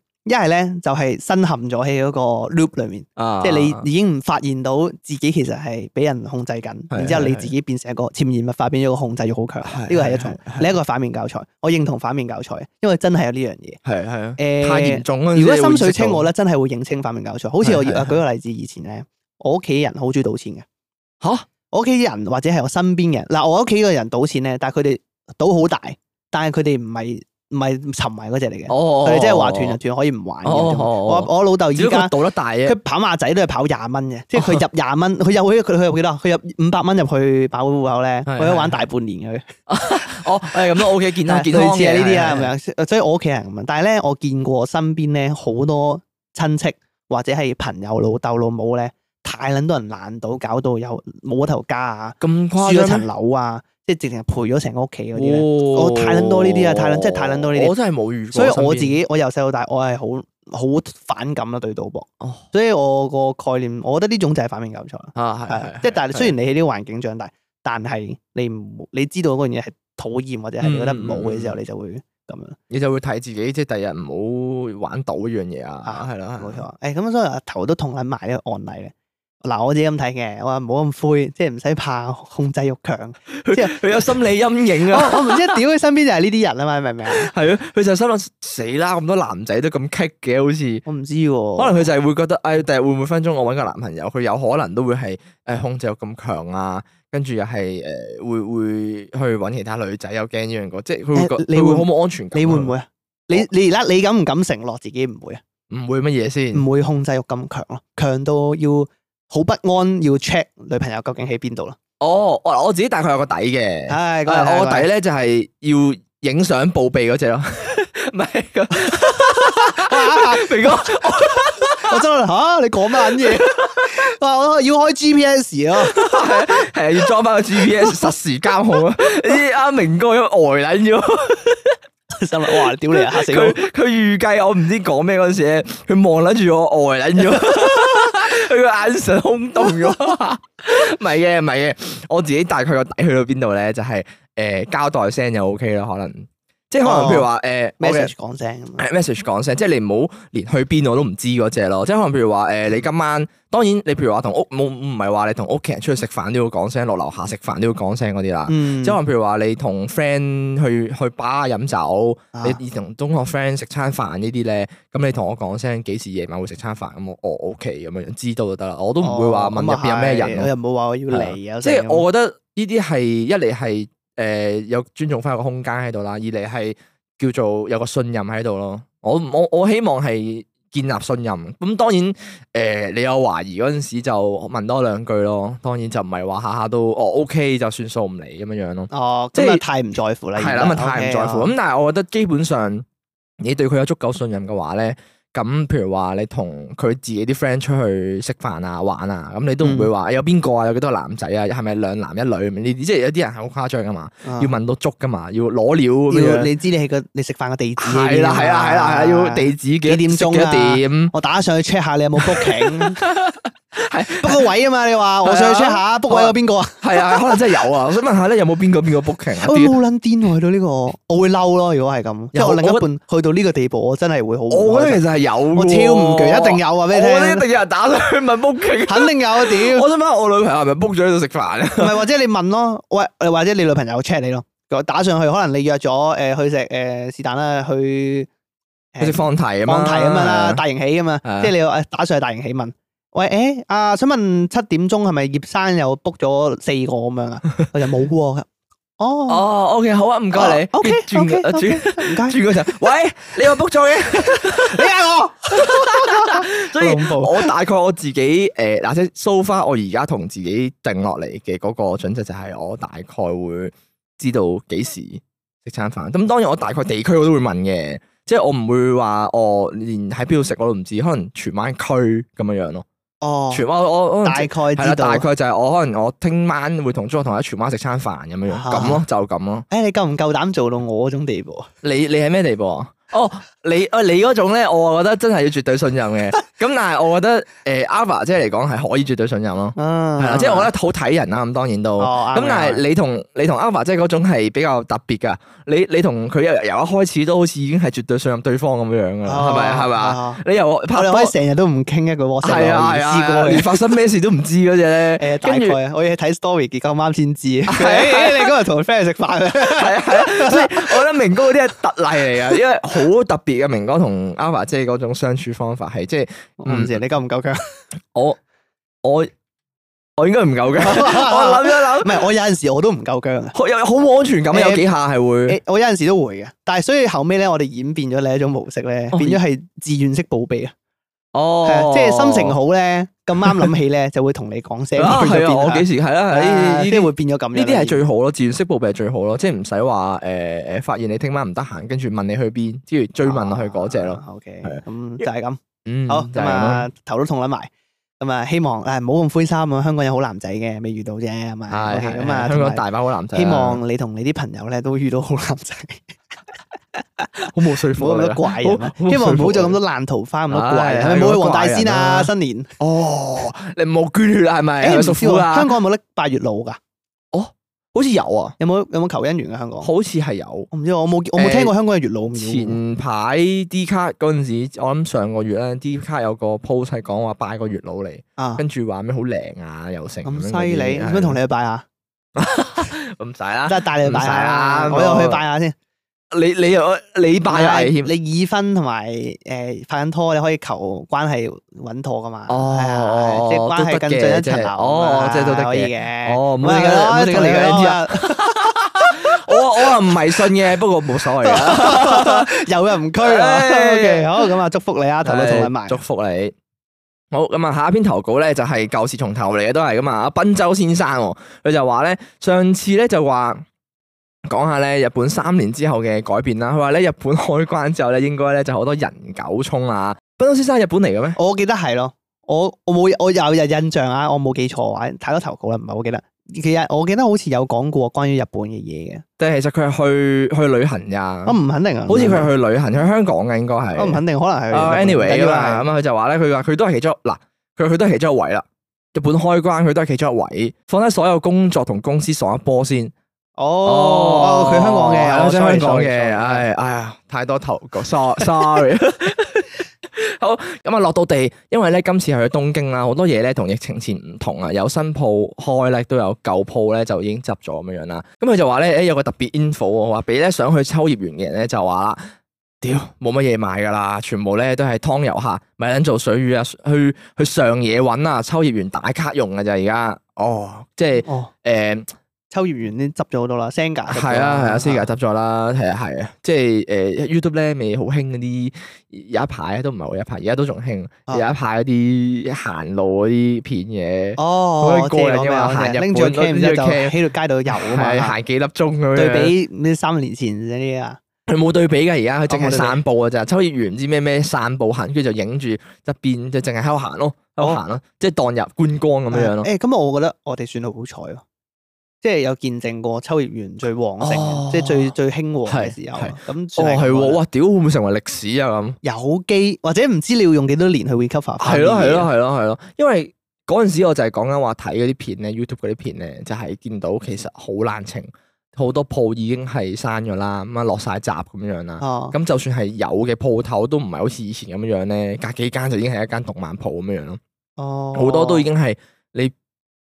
一係咧就係身陷咗喺嗰個 loop 裏面，即係你已經唔發現到自己其實係俾人控制緊，然之後你自己變成一個潛移默化變咗個控制欲好強，呢個係一種你一個反面教材，我認同反面教材，因為真係有呢樣嘢。係係啊，誒，太嚴重啦！如果心水清我咧真係會認清反面教材，好似我舉個例子，以前咧我屋企人好中意賭錢嘅，吓我屋企人或者係我身邊嘅，嗱我屋企個人賭錢咧，但係佢哋賭好大，但係佢哋唔係。唔係沉迷嗰隻嚟嘅，佢哋即係話斷就斷，可以唔玩嘅。我老豆而家到得大嘅，佢跑馬仔都係跑廿蚊嘅，即係佢入廿蚊，佢入佢佢入幾多？佢入五百蚊入去百會戶口咧，佢都玩大半年佢。我係咁都 OK，見到見到類似啊呢啲啊，係咪啊？所以我屋企人咁樣，但係咧，我見過身邊咧好多親戚或者係朋友老豆老母咧，太撚多人爛到，搞到有冇頭家啊，輸咗層樓啊。即係直情係賠咗成個屋企嗰啲咧，我太捻多呢啲啊，太捻即係太捻多呢啲，我真係冇遇過。所以我自己，我由細到大，我係好好反感啦對賭博。哦，所以我個概念，我覺得呢種就係反面教材啦。啊，係即係但係雖然你喺呢個環境長大，但係你你知道嗰樣嘢係討厭或者係覺得唔好嘅時候，你就會咁樣，你就會睇自己即係第日唔好玩賭呢樣嘢啊。啊，係啦，係冇錯。誒，咁所以頭都痛撚埋呢個案例咧。嗱，我自己咁睇嘅，我話唔好咁灰，即係唔使怕控制欲強，即係佢有心理陰影啊、 哦！我唔知點解身邊就係呢啲人啊嘛， 明唔明？係 啊，佢就心諗死啦！咁多男仔都咁棘嘅，好似我唔知喎、啊，可能佢就係會覺得， 哎，第日會唔會分中我搵個男朋友？佢有可能都會係誒控制欲咁強啊，跟住又係誒會會去搵其他女仔，又驚呢樣個，即係佢會覺得你會好冇安全感、欸，你會唔會啊？你會會我你而家你敢唔敢承諾自己唔會啊？唔會乜嘢先？唔會控制欲咁強咯，強到要。好不安，要 check 女朋友究竟喺邊度咯？哦，我我自己大概有個底嘅，係我底個底咧就係要影相報備嗰隻咯。唔係啊明哥我，我真係吓、啊、你講乜嘢？哇、啊，我要開 GPS 咯，係要裝翻個 GPS 實時監控啊！阿明哥要呆捻咗、啊。心啊！ 哇，屌你啊，嚇死佢！佢預計我唔知講咩嗰陣時咧，佢望撚住我呆撚咗，佢個眼神空洞咗。唔係嘅，唔係嘅，我自己大概個底去到邊度咧，就係、是、誒、呃、交代聲就 OK 咯，可能。即係可能譬如話誒，message 講聲，message、嗯、講聲，即係你唔好連去邊我都唔知嗰隻咯。嗯、即係可能譬如話誒，嗯、你今晚，當然你譬如話同屋冇唔係話你同屋企人出去食飯都要講聲，落樓下食飯都要講聲嗰啲啦。即係可能譬如話你同 friend 去去 bar 飲酒，啊、你同中學 friend 食餐飯呢啲咧，咁你同我講聲幾時夜晚會食餐飯咁我 saying,、哦、ok 咁樣知道就得啦。我都唔會話問入邊有咩人，我又冇話我要嚟。即係我覺得呢啲係一嚟係。嗯哦哦哦哦哦哦哦誒、呃，有尊重翻個空間喺度啦，二嚟係叫做有個信任喺度咯。我我我希望係建立信任。咁當然，誒、呃，你有懷疑嗰陣時就問多兩句咯。當然就唔係話下下都哦，OK 就算數唔嚟咁樣樣咯。哦，即係是太唔在乎啦，係啦來，的太唔在乎。咁 okay. 但係我覺得基本上你對佢有足夠信任嘅話咧。咁譬如話你同佢自己啲 friend 出去食飯啊玩啊，咁你都唔會話有邊個啊，有幾多個男仔啊，係咪兩男一女？呢啲即係有啲人係好誇張噶嘛，要問到足噶嘛，要攞料、啊要。要你知你喺個你食飯嘅地址、嗯。係啦係啦係啦，要地址幾,幾點鐘啊？點我打上去 check 下你有冇 booking。係 book 個位啊嘛？你話我想去 check 下 book 位有邊個啊？係啊，可能真係有啊！我想問下咧，有冇邊個邊個 booking？我覺得好撚癲去到呢個，我會嬲咯。如果係咁，因為我另一半去到呢個地步，我真係會好。我覺得其實係有，我超唔巨，一定有啊！俾你聽，一定有人打上去問 booking，肯定有點。我想問，我女朋友係咪 book 咗喺度食飯啊？唔係，或者你問咯，喂，或者你女朋友 check 你咯？打上去，可能你約咗誒去食誒，是但啦，去好似放題啊嘛，放題咁樣啦，大型起啊嘛，即係你誒打上去大型起問。喂，誒，啊，想問七點鐘係咪葉生又 book 咗四個咁樣啊？ 我又冇喎。哦，哦，OK，好啊，唔該你。哦、OK，轉，轉、okay, okay , okay,，唔該，轉陣。喂，你又 book 咗嘅？你嗌我， 我大概我自己誒，嗱、呃，即係梳翻我而家同自己定落嚟嘅嗰個準則，就係我大概會知道幾時食餐飯。咁當然我大概地區我都會問嘅，即係我唔會話我連喺邊度食我都唔知，可能荃灣區咁樣樣咯。哦，荃灣我我大概知啦，啊，大概就係我可能我聽晚會同中學同學喺荃灣食餐飯咁樣，啊、樣，咁咯就咁咯。誒，你夠唔夠膽做到我嗰種地步啊？ 你你喺咩地步啊？哦。 oh. 你啊，你嗰種咧，我啊覺得真係要絕對信任嘅。咁但係我覺得，誒，阿發即係嚟講係可以絕對信任咯。係啊，即係我覺得好睇人啊，咁當然都。咁但係你同你同阿發即係嗰種係比較特別噶。你你同佢由一開始都好似已經係絕對信任對方咁樣樣噶啦，係咪係嘛？你由拍開成日都唔傾一個 WhatsApp 唔知個連發生咩事都唔知嗰隻咧。誒，大概啊，我要睇 story 夠啱先知。你嗰日同佢 friend 去食飯，係係啊，所以我覺得明哥嗰啲係特例嚟啊，因為好特別。而嘅明哥同阿華姐嗰種相處方法係，即係唔知你夠唔夠姜？我我我應該唔夠姜， 我諗一諗。唔係，我有陣時我都唔夠姜啊！我有好冇安全感有幾下係會，我有陣時都會嘅。但係所以後尾咧，我哋演變咗另一種模式咧，變咗係自願式報備啊。哦 哦，即係心情好咧，咁啱諗起咧，就會同你講聲，我幾時係啦，呢啲會變咗咁樣，呢啲係最好咯，自然識報備係最好咯，即係唔使話誒誒，發現你聽晚唔得閒，跟住問你去邊，之住追問落去嗰隻咯。O K，咁就係咁，好咁啊，頭都痛撚埋，咁啊，希望誒唔好咁灰心啊，香港有好男仔嘅，未遇到啫，係咪？咁啊，香港大把好男仔，希望你同你啲朋友咧都遇到好男仔。好冇說服力得怪，希望唔好就咁多爛桃花咁多怪，係咪冇去黃大仙啊？新年哦，你唔好捐血啦，係咪？啊！香港有冇拎拜月老噶？哦，好似有啊！有冇有冇求姻緣嘅香港？好似係有，我唔知我冇我冇聽過香港嘅月老。前排 Dcard 嗰陣時，我諗上個月咧，Dcard 有個 post 係講話拜個月老嚟，跟住話咩好靈啊，又成咁犀利，咁樣同你去拜下，咁唔使啦，真係帶你去拜下，我又去拜下先。你你又你拜有危險，你已婚同埋誒拍緊拖，欸、你可以求關係穩妥噶嘛？哦即係、啊就是、關係更進一步。哦，即係都得嘅。可以哦，唔好、嗯、理佢， 我我唔係信嘅，不過冇所謂嘅， 有人唔拘啊。O K， 好咁啊，祝福你啊，頭都痛撚埋、哎。祝福你。好咁啊，下一篇投稿咧就係舊事重投嚟嘅，都係噶嘛。阿浜洲先生，佢就話咧，上次咧就話。講下咧日本三年之後嘅改變啦。佢話咧日本開關之後咧，應該咧就好多人狗衝啊。浜洲先生，日本嚟嘅咩？我記得係咯，我我冇我有日印象啊，我冇記錯話，太多投稿啦，唔係好記得。其實我記得好似有講過關於日本嘅嘢嘅。但係其實佢係去去旅行呀。我唔肯定啊，好似佢係去旅行吧去香港嘅應該係。我唔肯定，可能係 anyway 咁佢吧就話咧，佢話佢都係其中嗱，佢佢都係其中一位啦。日本開關佢都係其中一位，放低所有工作同公司上一波先。Oh, oh, 哦，佢香港嘅，我香港嘅，唉唉呀，太多頭，sorry， 抱歉 好，咁啊落到地，因為咧今次係去東京啦，好多嘢咧同疫情前唔同啊，有新鋪開咧，都有舊鋪咧就已經執咗咁樣樣啦。咁佢就話咧，誒有個特別 Info 話俾咧想去秋葉原嘅人咧就話啦，屌冇乜嘢買噶啦，全部咧都係湯遊客，咪諗做水魚啊，去去上野揾啊，秋葉原打卡用㗎咋。」而家，哦，哦即係，誒、呃。秋葉原已經執咗好多啦 Senga 係啊係啊 Senga 執咗啦。係啊係啊，即係誒 YouTube 咧，未好興嗰啲有一排都唔係好，有一排而家都仲興，有一排嗰啲行路嗰啲片嘢，可以個人嘅行，拎住 K，唔知就喺度街度遊啊嘛，行幾粒鐘咁樣。對比咩三年前嗰啲啊，佢冇對比噶，而家佢淨係散步啊，咋。秋葉原唔知咩咩散步行，跟住就影住入邊，就淨係喺度行咯，喺度行咯，即係當入觀光咁樣咯。誒，咁我覺得我哋算好彩喎。即係有見證過秋葉原最旺盛，哦、即係最最興旺嘅時候。咁哦係，哇屌會唔會成為歷史啊咁？有機或者唔知你要用幾多年去 recover 翻？係咯係咯係咯係咯，因為嗰陣、嗯、時我就係講緊話睇嗰啲片咧，YouTube 嗰啲片咧，就係、是、見到其實好難清，好多鋪已經係閂咗啦，咁啊落晒閘咁樣啦。哦，咁就算係有嘅鋪頭都唔係好似以前咁樣樣咧，隔幾間就已經係一間動漫鋪咁樣樣咯。哦，好多都已經係你。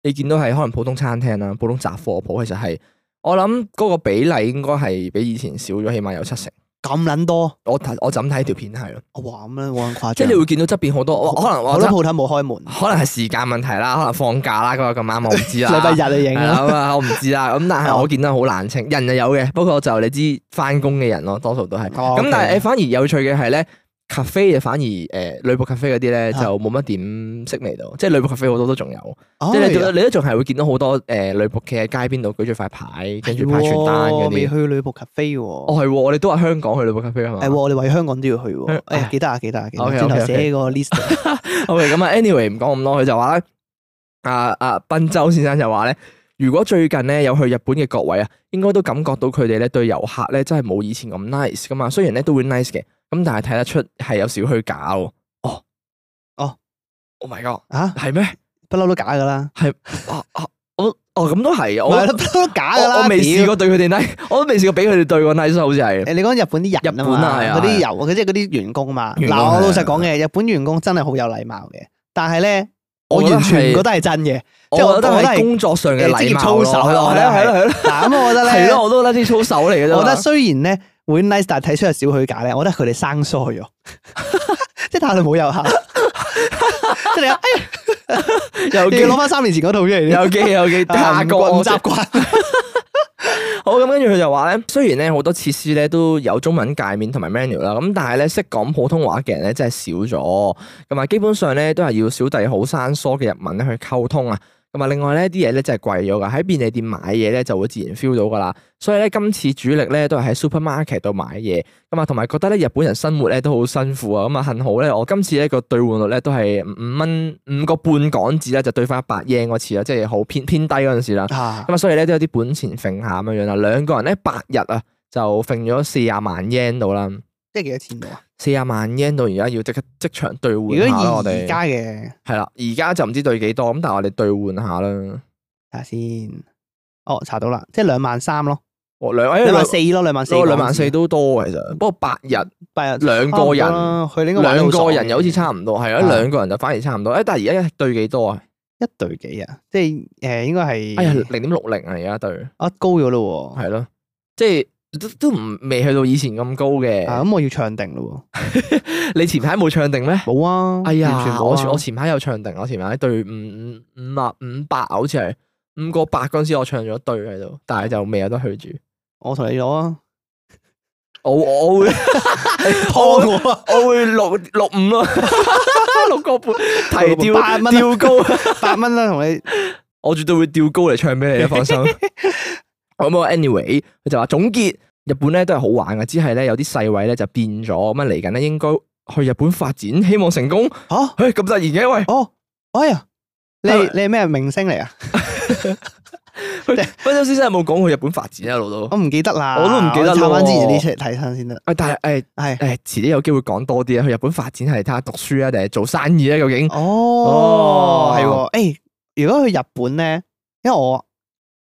你見到係可能普通餐廳啦，普通雜貨鋪，其實係我諗嗰個比例應該係比以前少咗，起碼有七成。咁撚多，我睇我就咁睇條片係啊？哇，咁樣好誇張！即係你會見到側邊好多，多我，可能我嗰鋪頭冇開門，可能係時間問題啦，可能放假啦，今日咁啱，我唔知啦。禮拜 日你影啊！我唔知啦，咁但係我見得好冷清， 人又有嘅，不過就你知返工嘅人咯，多數都係。咁 Okay. 但係誒，反而有趣嘅係咧。咖啡啊，反而誒，女僕咖啡嗰啲咧就冇乜點識味到，即係女僕咖啡好多都仲有，即係你都仲係會見到好多誒女僕企喺街邊度舉住塊牌，跟住派傳單嗰啲。我未去女僕咖啡。哦，係，我哋都係香港去女僕咖啡啊嘛。係，我哋話去香港都要去。誒，記得啊，記得，記得。我之前寫個 list。OK，咁啊，Anyway，唔講咁多，佢就話咧，啊，阿浜洲先生就話咧，如果最近咧有去日本嘅各位啊，應該都感覺到佢哋咧對遊客咧真係冇以前咁 nice 噶嘛，雖然咧都會 nice 嘅。咁但係睇得出係有少虛假喎。哦，哦，Oh my god，啊，係咩？不嬲都假噶啦，係，啊啊，我，哦，咁都係啊，唔係都假噶啦，我未試過對佢哋拉，我都未試過俾佢哋對個拉手，好似係。你講日本啲友，日本啊，嗰啲友，即係嗰啲員工嘛。嗱，我老實講嘅，日本員工真係好有禮貌嘅，但係咧，我完全唔覺得係真嘅，即係我覺得係工作上嘅職業操守咯，係啦係啦，咁我覺得咧，係咯，我都覺得啲操守嚟嘅，我覺得雖然咧。會 nice，但係睇出有少許假咧。我覺得佢哋生疏咗，即係態度冇友好。又要攞翻三年前嗰套出嚟。有嘅有嘅，習慣唔習慣？好，咁跟住佢就話咧，雖然咧好多設施咧都有中文界面同埋 menu 啦，咁但係咧識講普通話嘅人咧真係少咗，同埋基本上咧都係要小弟好生疏嘅日文咧去溝通啊。咁啊，另外咧啲嘢咧真係貴咗噶，喺便利店買嘢咧就會自然 feel 到噶啦。所以咧，今次主力咧都係喺 supermarket 度買嘢。咁啊，同埋覺得咧日本人生活咧都好辛苦啊。咁啊，幸好咧我今次咧個兌換率咧都係五蚊五個半港紙咧就兌翻一百 yen 嗰次啦，即係好偏偏低嗰陣時啦。咁啊，啊，所以咧都有啲本錢揈下咁樣樣啦。兩個人咧八日啊就揈咗四十萬 yen 到啦。即係幾多錢到啊？四十萬，yen 到，而家要即刻即場兌換下我哋。係啦，而家就唔知兌幾多，咁但係我哋兌換下啦，睇下先。哦，查到啦，即係兩萬三咯。哦，兩萬四咯，兩萬四，兩萬四都多其實。不過八日，八日兩個人，佢應該兩個人又好似差唔多，係啊，兩個人就反而差唔多。誒，但係而家兌幾多啊？一兌幾啊？即係誒、呃，應該係，哎呀，零點六零啊，而家兌。啊，高咗咯，係咯，即係。都唔未去到以前咁高嘅，咁我要唱定咯。你前排冇唱定咩？冇啊。哎呀，我前排有唱定，我前排對五五五啊，五百好似係五個八嗰陣時，我唱咗對喺度，但係就未有得去住。我同你攞啊，我我會破，我會六六五咯，六個半，提掉八蚊，掉高八蚊啦。同你，我絕對會掉高嚟唱俾你，放心。咁啊，anyway，佢就話總結。日本咧，都係好玩嘅，只係咧有啲細位咧就變咗咁樣，嚟緊咧，應該去日本發展，希望成功吓？誒，咁突然嘅喂，哦，哎呀，你你係咩明星嚟啊？浜洲先生有冇講去日本發展啊？老豆，我唔記得啦，我都唔記得咯。查翻之前啲出嚟，睇翻先得。誒，但係誒係誒，遲啲有機會講多啲啦。去日本發展係睇下讀書啊，定係做生意咧？究竟？哦，係喎。誒，如果去日本咧，因為我。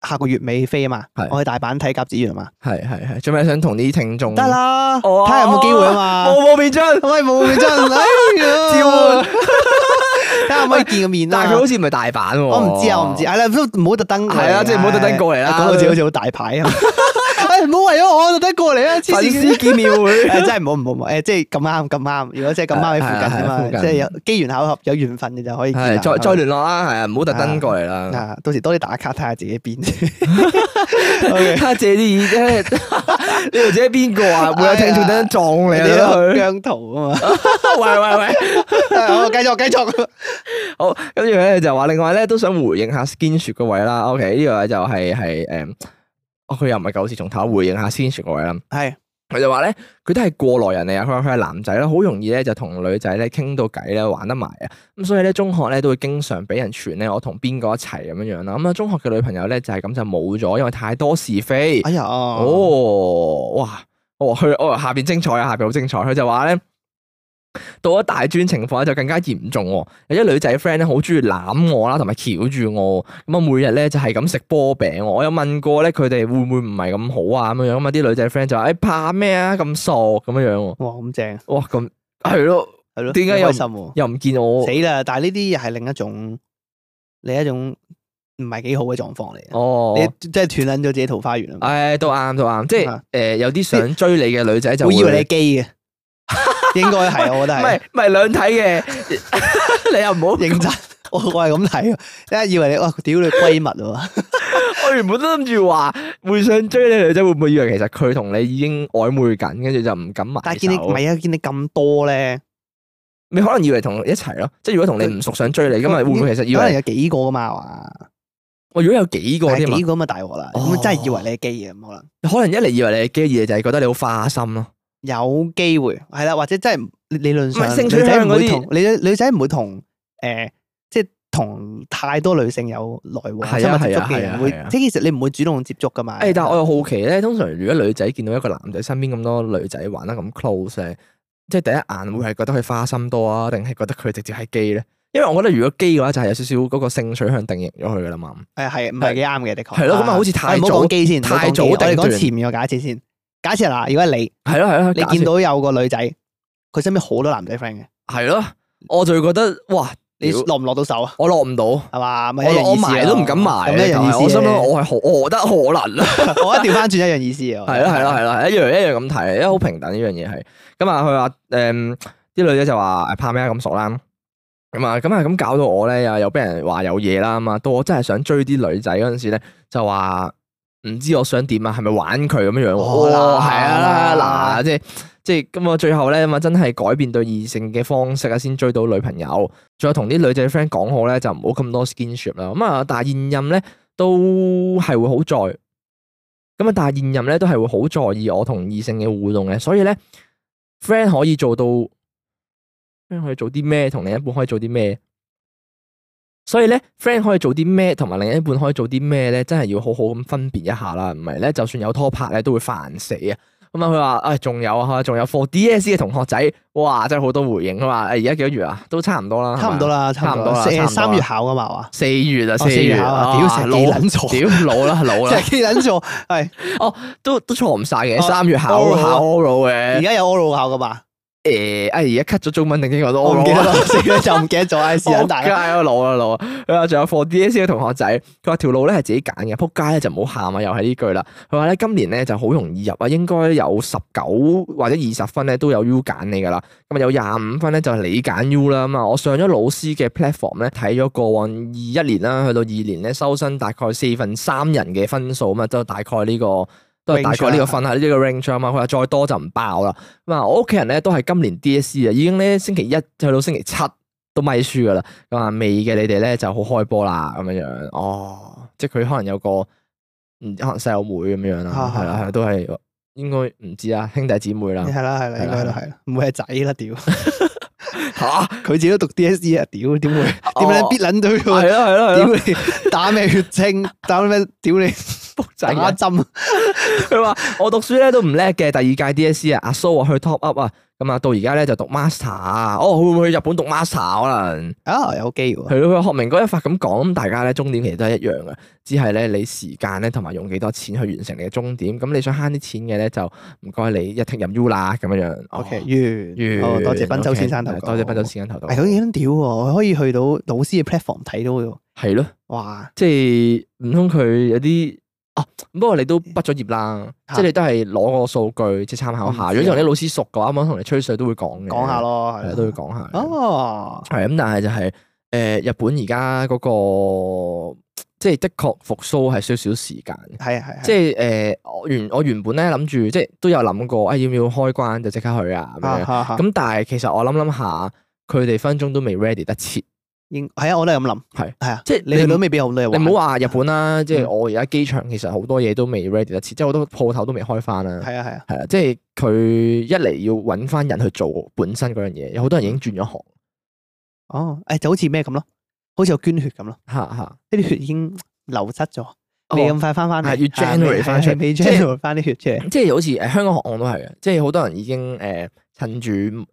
下個月尾飛啊嘛，係我去大阪睇甲子園啊嘛，係係係，最尾想同啲聽眾得啦，睇下、哦、有冇機會啊嘛，冇、哦，冇，變真，喂毛冇變真，睇下可唔可以見個面啦、啊，但係佢好似唔係大阪喎、啊啊啊，我唔知啊我唔知，係啦唔好特登，係啦即係唔好特登過嚟啦，講好似好似好大牌啊。唔好為咗我就特登過嚟啊！粉絲見面會，真係唔好唔好唔好，誒，即係咁啱咁啱，如果即係咁啱喺附近啊嘛，即係有機緣巧合有緣分嘅就可以再再聯絡啦，係啊，唔好特登過嚟啦。啊，到時多啲打卡睇下自己邊，借啲意，呢度邊個啊？會有聽眾等陣撞你啊去姜濤啊嘛？喂喂喂，好，繼續繼續，好，跟住咧就話另外咧都想回應下 Skinship 個位啦。OK，呢個位就係係誒。哦，佢又唔係舊事重投回應下先傳過嚟啦。係佢是就話咧，佢都係過來人嚟啊。佢話佢係男仔啦，好容易咧就同女仔咧傾到偈咧玩得埋啊，咁所以咧中學咧都會經常俾人傳咧我同邊個一齊咁樣樣啦，咁啊中學嘅女朋友咧就係、是、咁就冇咗，因為太多是非。哎呀呦，哦，哇，我話佢，下邊精彩啊，下邊好精彩，佢就話咧。到咗大專情況咧就更加嚴重，有啲女仔 friend 咧好中意攬我啦，同埋翹住我，咁啊每日咧就係咁食波餅。我有問過咧佢哋會唔會唔係咁好啊咁樣樣，咁啊啲女仔 friend 就話：哎怕咩啊？咁傻咁樣樣。哇咁正！哇咁係咯係咯，點解有心又唔見我死啦？但係呢啲又係另一種另一種唔係幾好嘅狀況嚟。哦，你即係斷捻咗自己桃花源啦。誒、哎，都啱都啱，即係誒、呃、有啲想追你嘅女仔就會,但是 會以為你係基嘅。應該係，我覺得係。唔係唔係兩睇嘅，你又唔好認真。我我係咁睇，啊，一以為你哇，屌你閨蜜啊！我原本都諗住話會想追你女仔，會唔會以為其實佢同你已經曖昧緊，跟住就唔敢埋。但係見你唔係啊，見你咁多咧，你可能以為同一齊咯。即係如果同你唔熟想追你，咁咪會唔會其實？可能有幾個噶嘛話。我如果有幾個添，幾個咁啊大鑊啦，咁真係以為你基嘅咁可能。可能一嚟以為你基嘅，就係覺得你好花心咯。有機會係啦，或者真係理論上性取向女仔唔會同女女仔唔會同誒，即係同太多女性有來往、有接觸嘅，唔會即係其實你唔會主動接觸噶嘛。誒，但係我又好奇咧，通常如果女仔見到一個男仔身邊咁多女仔玩得咁 close 咧，即係第一眼會係覺得佢花心多啊，定係覺得佢直接係 gay 咧？因為我覺得如果 gay 嘅話，就係有少少嗰個性取向定義咗佢噶啦嘛。誒，係唔係幾啱嘅？的確係咯。咁啊，好似太唔好講 gay 先，太早，我哋講前面個假設先。假設嗱，如果係你，係咯係咯， 你見到有個女仔，佢 身邊好多男仔 friend 嘅，係咯，我就會覺得哇，嘩，你落唔落到手啊？ 我落唔到，係嘛？我我埋都唔敢埋，咁咩意思？我心諗，我係可，我得可能，我一調翻轉一樣意思啊！係啦係啦係一樣一樣咁睇，因爲好平等呢樣嘢係。咁、 嗯、啊，佢話誒啲女仔就話，怕咩咁傻啦？咁啊咁係咁搞到我咧又又俾人話有嘢啦，咁啊到我真係想追啲女仔嗰陣時咧就話、是。唔知我想點、哦、啊？係咪玩佢咁樣樣？哦，係啊，嗱、啊啊，即係即係咁我最後咧，咁啊，真係改變對異性嘅方式啊，先追到女朋友，仲有同啲女仔 friend 講好咧，就唔好咁多 skinship 啦。咁啊，但係現任咧都係會好在，咁啊，但係現任咧都係會好在意我同異性嘅互動嘅，所以咧 friend 可以做到，friend 可以做啲咩？同另一半可以做啲咩？所以咧，friend 可以做啲咩，同埋另一半可以做啲咩咧，真係要好好咁分別一下啦。唔係咧，就算有拖拍咧，都會煩死啊。咁、哎、啊，佢話誒，仲有啊，仲有科 DSE 嘅同學仔，哇，真係好多回應啊。而家幾多月啊？都差唔多啦。差唔多啦，差唔多啦。四三月考噶嘛？哇！四月啊，四月啊，屌死、哦，記捻錯，屌老啦，老啦，真係記捻錯，係哦，都都錯唔晒嘅。三、啊、月考考 oral 嘅，而家有 oral 考噶嘛？誒，而家 cut 咗中文定英文都，我唔記得啦，就唔記得咗。I C 大家街咯老啦攞。佢話仲有 DSE 嘅同學仔，佢話，條路咧係自己揀嘅，撲街咧就唔好喊啊！又係呢句啦。佢話咧今年咧就好容易入啊，應該有十九或者二十分咧都有 U 揀你噶啦。咁啊有廿五分咧就係你揀 U 啦。咁啊，我上咗老師嘅 platform 咧睇咗過往二一年啦，去到二年咧收生大概四分三人嘅分數啊嘛，就大概呢、呢個。都係大概呢個分啊，呢一個 range 啊嘛。佢話再多就唔爆啦。咁啊，我屋企人咧都係今年 DSE 啊，已經咧星期一去到星期七都咪輸噶啦。咁啊，未嘅你哋咧就好開波啦，咁樣樣哦。即係佢可能有個，可能細佬妹咁樣啦，係啦，都係應該唔知啊，兄弟姊妹啦，係啦係啦，應該都係，唔會係仔啦屌。吓，佢自己都讀 DSE 啊？屌，點會點樣你逼撚佢？係啊係咯，屌你 打咩血清，打咩屌 你伏一針？佢話 我讀書咧都唔叻嘅，第二屆 DSE 啊，阿蘇啊，去 top up 啊。咁啊，到而家咧就讀 master，哦，會唔會去日本讀 master 可能啊？有機會，係咯，學明哥一發咁講，咁大家咧終點其實都係一樣嘅，只係咧你時間咧同埋用幾多錢去完成你嘅終點，咁你想慳啲錢嘅咧就唔該你一聽入 U 啦咁樣樣，O K，u 完，完，哦，多謝浜洲先生投，okay, 多謝浜洲先生投到，係好驚的屌，哎，我可以去到老師嘅 platform 睇到嘅，係咯的，哇，即係唔通佢有啲。哦，不過你都畢咗業啦，即係你都係攞個數據即係參考下。如果同啲老師熟嘅話，啱啱同你吹水都會講嘅。講下咯，係都會講下。哦，係咁，但係就係誒，日本而家嗰個即係的確復甦係少少時間。係係，即係誒，我原我原本咧諗住，即係都有諗過，誒要唔要開關就即刻去啊？咁但係其實我諗諗下，佢哋分鐘都未 ready 得切。應係啊，我都係咁諗，係係啊，即係你哋都未必好。你唔好話日本啦，即係我而家機場其實好多嘢都未 ready 得切，即係好多鋪頭都未開翻啦。係啊係啊，係啊，即係佢一嚟要揾翻人去做本身嗰樣嘢，有好多人已經轉咗行。哦，誒，就好似咩咁咯，好似有捐血咁咯，吓吓，啲血已經流失咗，未咁快翻翻，係要 generate 翻出，要 generate 翻啲血出嚟。即係好似誒，香港學案都係啊，即係好多人已經誒。趁住誒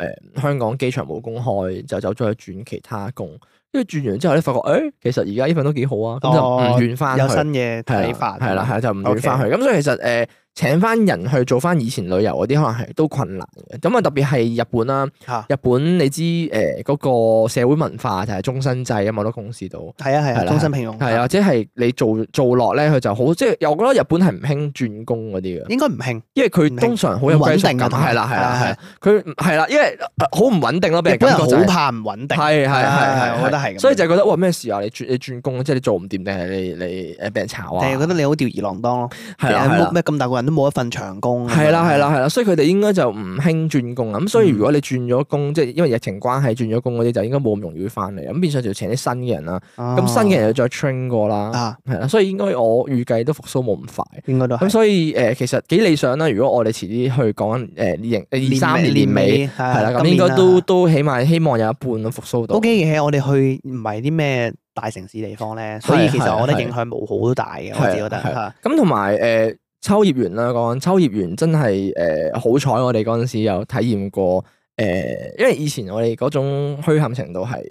香港機場冇工開，就走咗去轉其他工。跟住轉完之後，你發覺誒、欸，其實而家呢份都幾好啊，咁就唔願翻去，有新嘢睇法，係啦，係、嗯、就唔願翻去。咁 okay.、嗯、所以其實誒。呃請翻人去做翻以前旅遊嗰啲，可能係都困難嘅。咁啊，特別係日本啦，日本你知誒嗰個社會文化就係終身制啊嘛，好多公司都係啊係啊，終身聘用係啊，或者係你做做落咧，佢就好即係。我覺得日本係唔興轉工嗰啲嘅，應該唔興，因為佢通常好有規定噶嘛，係啦係啦係。佢係啦，因為好唔穩定咯，俾人感覺好怕唔穩定，係係係，我覺得係。所以就係覺得哇咩事啊？你轉你轉工，即係你做唔掂定係你你誒俾人炒啊？其實覺得你好吊兒郎當咯，係啊咩咁大都冇一份長工，係啦，係啦，係啦，所以佢哋應該就唔興轉工啦。咁所以如果你轉咗工，即係因為疫情關係轉咗工嗰啲，就應該冇咁容易會翻嚟。咁變相就請啲新嘅人啦。咁新嘅人又再 train 過啦。係啦，所以應該我預計都復甦冇咁快。應該都係，所以誒，其實幾理想啦。如果我哋遲啲去講誒二二三年年尾係啦，咁應該都都起碼希望有一半都復甦到。O K，而我哋去唔係啲咩大城市地方咧，所以其實我覺得影響冇好大嘅。我自己覺得咁同埋誒。秋葉原啦，講緊秋葉原真係誒，好彩我哋嗰陣時有體驗過誒，因為以前我哋嗰種墟冚程度係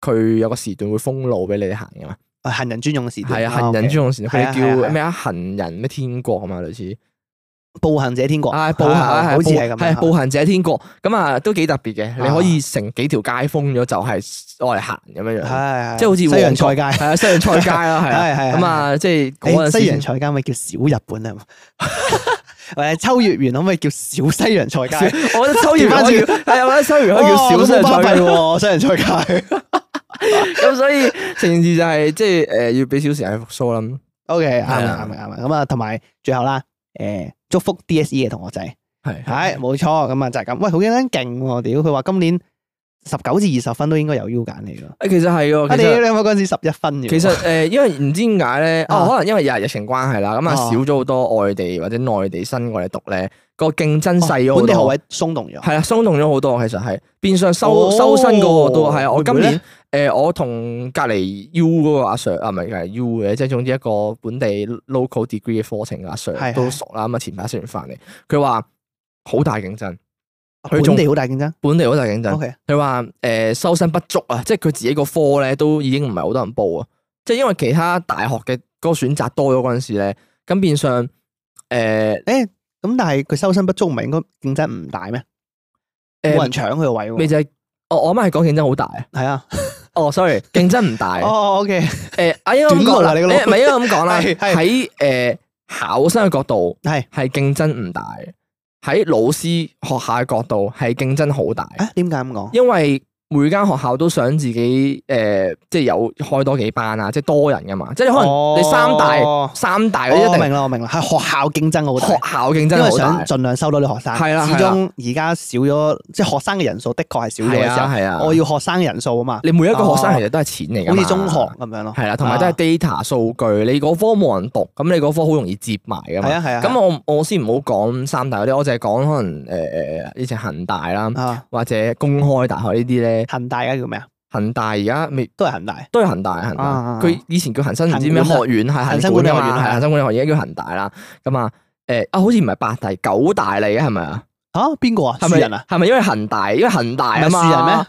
佢有個時段會封路俾你哋行噶嘛，行人專用嘅時段係啊，行人專用時段佢叫咩啊？行人咩天國啊嘛，類似步行者天國啊，步行好似係咁，係步行者天國咁啊，都幾特別嘅，你可以成幾條街封咗就係。我外行咁樣樣，即係好似西、西、嗯、西洋菜街， 啊、西洋菜街啦，係係咁啊！即係嗰西洋菜街咪叫小日本啊？誒 秋葉原可唔可以叫小西洋菜街？我覺得秋葉原可以係，我覺得秋葉原可以叫小都巴閉西洋菜街。咁所以成件事就係即係誒，要俾少時間復蘇啦。OK，啱啊啱啊啱咁啊，同埋最後啦，誒，祝福 DSE 嘅同學仔係，係冇錯咁啊，就係、是、咁。喂，好勁，勁，勁喎！屌，佢話今年。十九至二十分都應該有 U 揀嚟咯。誒，其實係，你哋兩科嗰陣時十一分。嘅。其實誒、呃，因為唔知點解咧，啊、哦，可能因為疫情關係啦，咁啊少咗好多外地或者內地新過嚟讀咧，個競爭細好多，本地學位鬆動咗。係啊，鬆動咗好多，其實係變相收、哦、收身嗰個都係。會會我今年誒、呃，我同隔離 U 嗰個阿 Sir 啊，唔係係 U 嘅，即係總之一個本地 local degree 嘅課程阿 Sir 都的的熟啦。咁啊，前排識完翻嚟，佢話好大競爭。佢仲本地好大競爭，本地好大競爭。OK，佢話誒，收生不足啊，即係佢自己個科咧都已經唔係好多人報啊，即係因為其他大學嘅個選擇多咗嗰陣時咧，咁變相誒誒，咁但係佢收生不足，唔係應該競爭唔大咩？誒，冇人搶佢個位咪就係？哦，我媽係講競爭好大啊，係啊，哦，sorry，競爭唔大。哦，OK，誒，阿英，唔係應該咁講啦，喺誒考生嘅角度係係競爭唔大。喺老師學校嘅角度，係競爭好大。啊，點解咁講？因為。每間學校都想自己誒，即係有開多幾班啊，即係多人噶嘛，即係可能你三大、三大嗰啲，我明啦，我明啦，係學校競爭好大。學校競爭，因為想盡量收多啲學生。係啦，始終而家少咗，即係學生嘅人數的確係少咗。係啊，係啊，我要學生嘅人數啊嘛。你每一個學生其實都係錢嚟噶,好似中學咁樣咯。係啦，同埋都係 data 數據，你嗰科冇人讀，咁你嗰科好容易接埋噶嘛。係啊，係啊。咁我我先唔好講三大嗰啲，我淨係講可能誒，以前恒大啦，或者公開大學呢啲咧。恒大而家叫咩啊？恒大而家未都係恒大，都係恒大。恒大佢以前叫恒生唔知咩學院，係恒生管理學院，係恒生管理學院。而家叫恒大啦，咁啊誒，啊好似唔係八大，九大嚟嘅，係咪啊？啊邊個啊？樹人啊？係咪因為恒大？因為恒大啊樹人咩？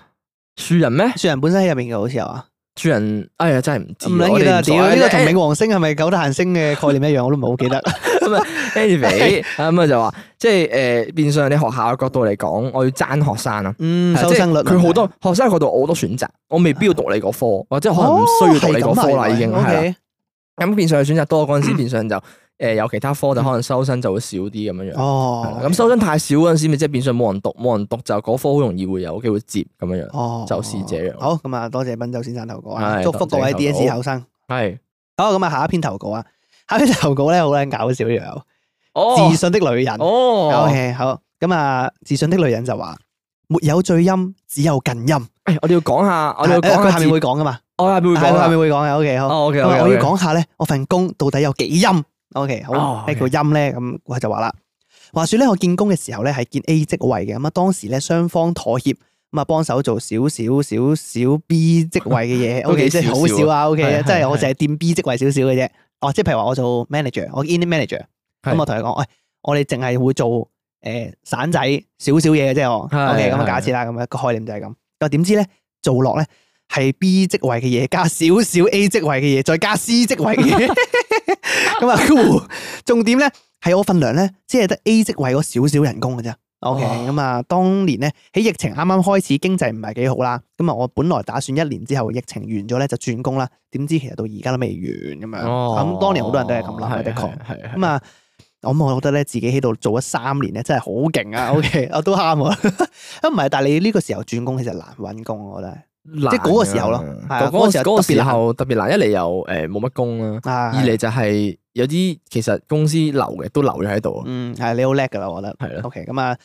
樹人咩？樹人本身喺入面嘅，好似係嘛？樹人哎呀真係唔知。唔理啦，得，點，呢個同冥王星係咪九大行星嘅概念一樣？我都唔係好記得。Andy，就話即係誒，變相你學校嘅角度嚟講，我要爭學生啊，收生率佢好多學生角度，我好多選擇，我未必要讀你個科，我即係可能唔需要讀你個科啦，已經係咁，變相選擇多嗰陣時，變相就誒有其他科就可能收生就會少啲咁樣樣。哦，咁收生太少嗰陣時，咪即係變相冇人讀，冇人讀就嗰科好容易會有機會接咁樣樣。哦，就是這樣。好，咁啊，多謝浜洲先生投稿，祝福各位 DSE 考生。係好，咁啊，下一篇投稿啊。下邊嘅投稿咧好靚，搞笑又自信的女人。O K，好咁啊，自信的女人就話：没有最陰，只有更陰。」誒，我哋要講下，我哋佢下面會講噶嘛？我下面會講，嘅。O K，好。O K，我要講下咧，我份工到底有幾陰？O K，好。咩叫陰咧？咁我就話啦，話說咧，我見工嘅時候咧係見 A 職位嘅，咁啊當時咧雙方妥協，咁啊幫手做少少少少 B 職位嘅嘢。O K，即係好少啊。O K，即係我淨係掂 B 職位少少嘅啫。哦，即係譬如話我做 manager，我 in the manager，咁是我同佢講，喂、哎，我哋淨係會做誒散、呃、仔少少嘢嘅，啫。係我是的，OK，咁、嗯、嘅假設啦，咁樣個概念就係咁。但係點知咧做落咧係 B 職位嘅嘢加少少 A 職位嘅嘢，再加 C 職位嘅嘢。咁 啊、嗯呃，重點咧係我份糧咧，即係得 A 職位嗰少少人工嘅啫。O K，咁啊，當年咧喺疫情啱啱開始，經濟唔係幾好啦。咁啊，我本來打算一年之後疫情完咗咧就轉工啦。點知其實到而家都未完咁、哦、樣。咁當年好多人都係咁諗，哦、的確。咁啊、嗯，咁、嗯、我覺得咧自己喺度做咗三年咧，真係好勁啊。 o、okay, K，我都啱。都唔係，但係你呢個時候轉工，其實難搵工，我覺得。即係嗰個時候咯，嗰個時候特別難。一嚟又誒冇乜工啦，二嚟就係有啲其實公司留嘅都留咗喺度。嗯，係你好叻噶啦，我覺得。係啦。OK，咁啊，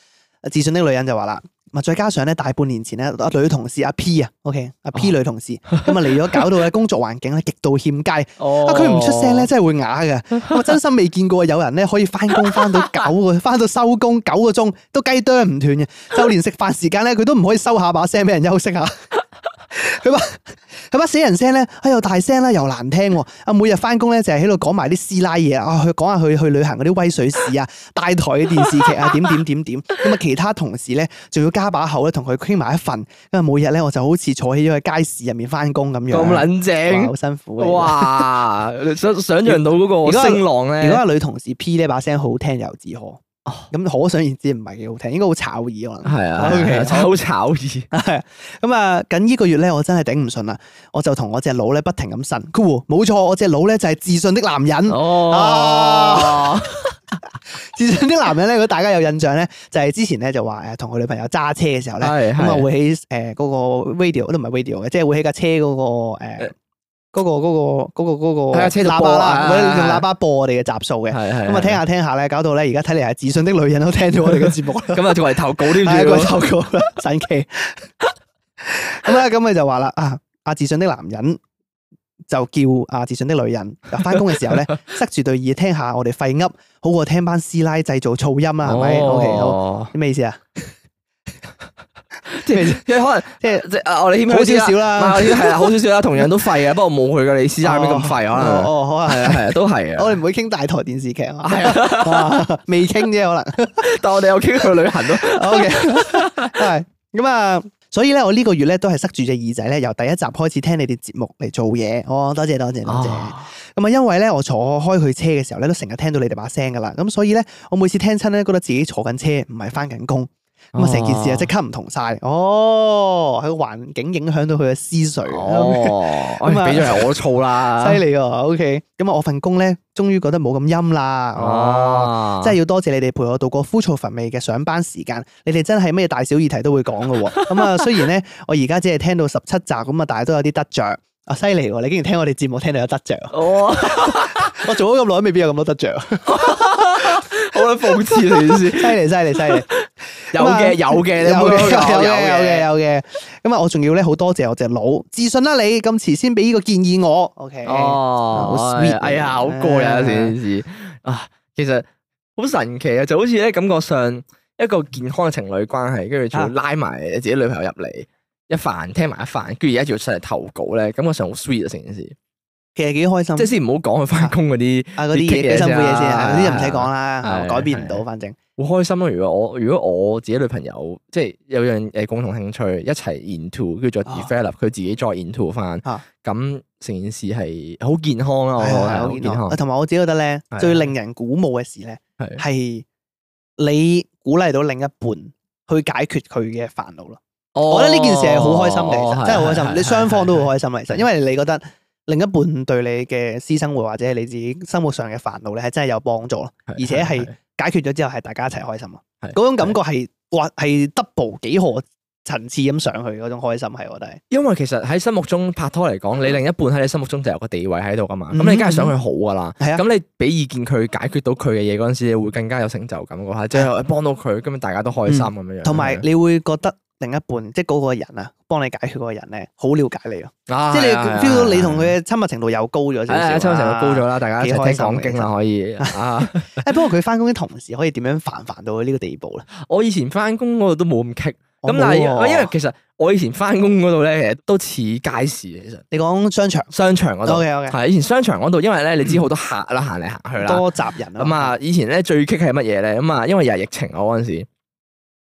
自信啲女人就話啦，咪再加上咧大半年前咧，女同事阿 P 啊，OK，阿 P 女同事咁啊嚟咗，搞到嘅工作環境咧極度欠佳。哦。啊，佢唔出聲咧，真係會啞嘅。我真心未見過有人咧可以翻工翻到九，翻到收工九個鐘都雞啄唔斷嘅。就連食飯時間咧，佢都唔可以收下把聲俾人休息下。佢話佢把死人聲咧，哎又大聲啦，又難聽、啊。阿每日翻工咧，就係喺度講埋啲師奶嘢。啊，佢講下去去旅行嗰啲威水史啊， 大台嘅電視劇啊，點點點點。咁啊，其他同事咧，仲要加把口咧，同佢傾埋一份。因為每日咧，我就好似坐喺咗個街市入面翻工咁樣。咁撚正，好辛苦、啊。哇！想想象到嗰個聲浪咧。 如果係 女同事 P 呢把聲好聽又如何？好好哦，咁可想而知唔係幾好聽，應該好吵耳，可能係啊，好 Okay, 吵耳。係咁啊，近呢個月咧，我真係頂唔順啦，我就同我隻佬咧不停咁呻。冇錯、哦，我隻佬咧就係自信的男人哦， 自信的男人咧，如果大家有印象咧，就係、是、之前咧就話誒，同佢女朋友揸車嘅時候咧，咁啊會喺誒嗰個 v i d e o 都唔係 v i d e o 嘅，即係會喺架車嗰個誒。欸嗰、那個嗰、那個嗰、那個嗰、那個睇車喇叭啦，用喇叭播我哋嘅集數嘅，咁啊對聽下聽下咧，搞到咧而家睇嚟係自信的女人都聽咗我哋嘅節目啦。咁啊仲投稿呢添住咯， 神奇。咁啊咁佢就話啦，啊阿自信的男人就叫阿自信的女人，翻工嘅時候咧塞住對耳聽下我哋肺噏，好過聽班師奶製造噪音啦，係咪？OK 哦，咩意思啊？ 即係，可能即係，即係我哋謙虛少啦，係啦，好少少啦，同樣都廢啊，不過冇佢嘅你試下咩咁廢可能，哦，可能係啊，係啊，都係啊，我哋唔會傾大台電視劇啊，係啊，未傾啫可能，但我哋有傾去旅行咯，O K，係咁啊，所以咧，我呢個月咧都係塞住隻耳仔咧，由第一集開始聽你哋節目嚟做嘢，我多謝多謝多謝，咁啊，因為咧我坐開佢車嘅時候咧，都成日聽到你哋把聲噶啦，咁所以咧，我每次聽親咧，覺得自己坐緊車唔係翻緊工。咁啊，成件事啊，即刻唔同晒哦！喺個環境影響到佢嘅思緒哦。咁啊、嗯，俾咗係我燥啦，犀利，O K。咁、OK、啊、嗯，我份工咧，終於覺得冇咁陰啦。哦，真係要多謝你哋陪我度過枯燥乏味嘅上班時間。你哋真係咩大小議題都會講㗎。咁 啊，雖然咧，我而家只係聽到十七集，咁啊，但係都有啲得着啊，犀利！你竟然聽我哋節目聽到有得着。哦、 我做咗咁耐未必有咁多得着，好 諷刺啊！你先，犀利，犀利，犀利。有嘅有嘅，你有有嘅有嘅，咁啊，我仲要咧好多謝我隻佬自信啦、啊，你咁遲先俾呢個建議我，OK？哦，好 sweet，啊、哎呀，好、哎、過呀，成件事啊，哎、呀其實好神奇啊，就好似咧感覺上一個健康嘅情侶關係，跟住仲拉埋自己女朋友入嚟、啊、一飯聽埋一飯，跟住而家仲要出嚟投稿咧，感覺上好 sweet 啊，成件事。其實幾開心，即係先唔好講佢翻工嗰啲，啊，啲嘢辛苦嘢先，嗰啲就唔使講啦，改變唔到，反正好開心咯。如果我如果我自己女朋友，即係有樣誒共同興趣，一齊 into，叫做 develop，佢自己再 into 翻，咁成件事係好健康咯，好健康。同埋我自己覺得咧，最令人鼓舞嘅事咧，係你鼓勵到另一半去解決佢嘅煩惱咯。我覺得呢件事係好開心嘅，真係好開心。你雙方都好開心其實，因為你覺得。另一半對你嘅私生活或者你自己生活上嘅煩惱咧，係真係有幫助，是而且係解決咗之後係大家一齊開心啊！嗰是種感覺係哇係是 double 幾何層次咁上去嗰種開心，係我哋。因為其實喺心目中拍拖嚟講，你另一半喺你心目中就有個地位喺度噶嘛，咁、嗯、你梗係想佢好噶啦。咁、嗯嗯、你俾意見佢解決到佢嘅嘢嗰陣時，你會更加有成就感噶吓，即係幫到佢，咁咪、嗯、大家都開心咁樣樣。同埋、嗯、你會覺得。另一半即係嗰個人啊，幫你解決嗰個人咧，好了解你啊，即係 feel 到你同佢嘅親密程度又高咗少少，親密程度高咗啦，大家一齊聽講經啦，可以啊。誒，不過佢翻工啲同事可以點樣煩，煩到呢個地步咧？我以前翻工嗰度都冇咁棘。咁但係因為其實我以前翻工嗰度咧，其實都似街市。其實你講商場，商場嗰度，OK OK，係以前商場嗰度，因為咧你知好多客啦，行嚟行去啦，多雜人。咁啊，以前咧最棘係乜嘢咧？咁啊，因為又係疫情我嗰陣時。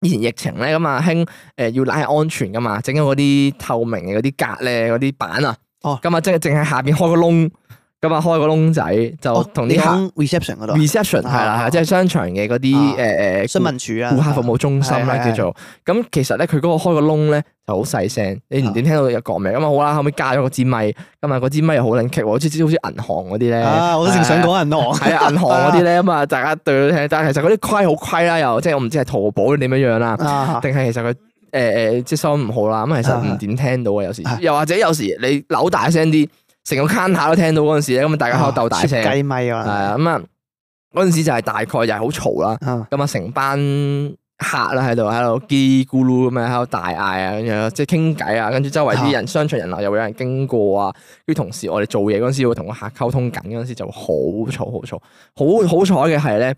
以前疫情咧，咁啊，興誒、呃、要拉安全噶嘛，整緊嗰啲透明嘅嗰啲格咧，嗰啲板啊，咁啊、哦，即係淨係下邊開個窿。今日開個窿仔就同啲客 reception 度 reception 係啦，即係商場嘅嗰啲誒誒詢問處啊，顧客服務中心啦叫做。咁其實咧，佢嗰個開個窿咧就好細聲，你唔點聽到佢有講咩？咁啊好啦，後尾加咗個支咪，咁啊嗰支咪又好撚棘，好似好似銀行嗰啲咧，我都正想講銀行，係啊銀行嗰啲咧啊，大家對佢聽。但係其實嗰啲虧好虧啦，又即係我唔知係淘寶點樣樣啦，定係其實佢誒誒即係收音唔好啦。咁其實唔點聽到啊，有時又或者有時你扭大聲啲。成個坑下都聽到嗰陣時咧，咁大家喺度鬥大聲，雞咪啊，係啊、嗯，咁啊嗰陣時就係大概又係好嘈啦。咁啊、嗯，成班客啦喺度喺度嘰咕嚕咁樣喺度大嗌啊，咁樣即係傾偈啊。跟住周圍啲人、嗯、商場人流又會有人經過啊，跟住同時我哋做嘢嗰陣時會同個客溝通緊嗰陣時就好嘈好嘈，好好彩嘅係咧。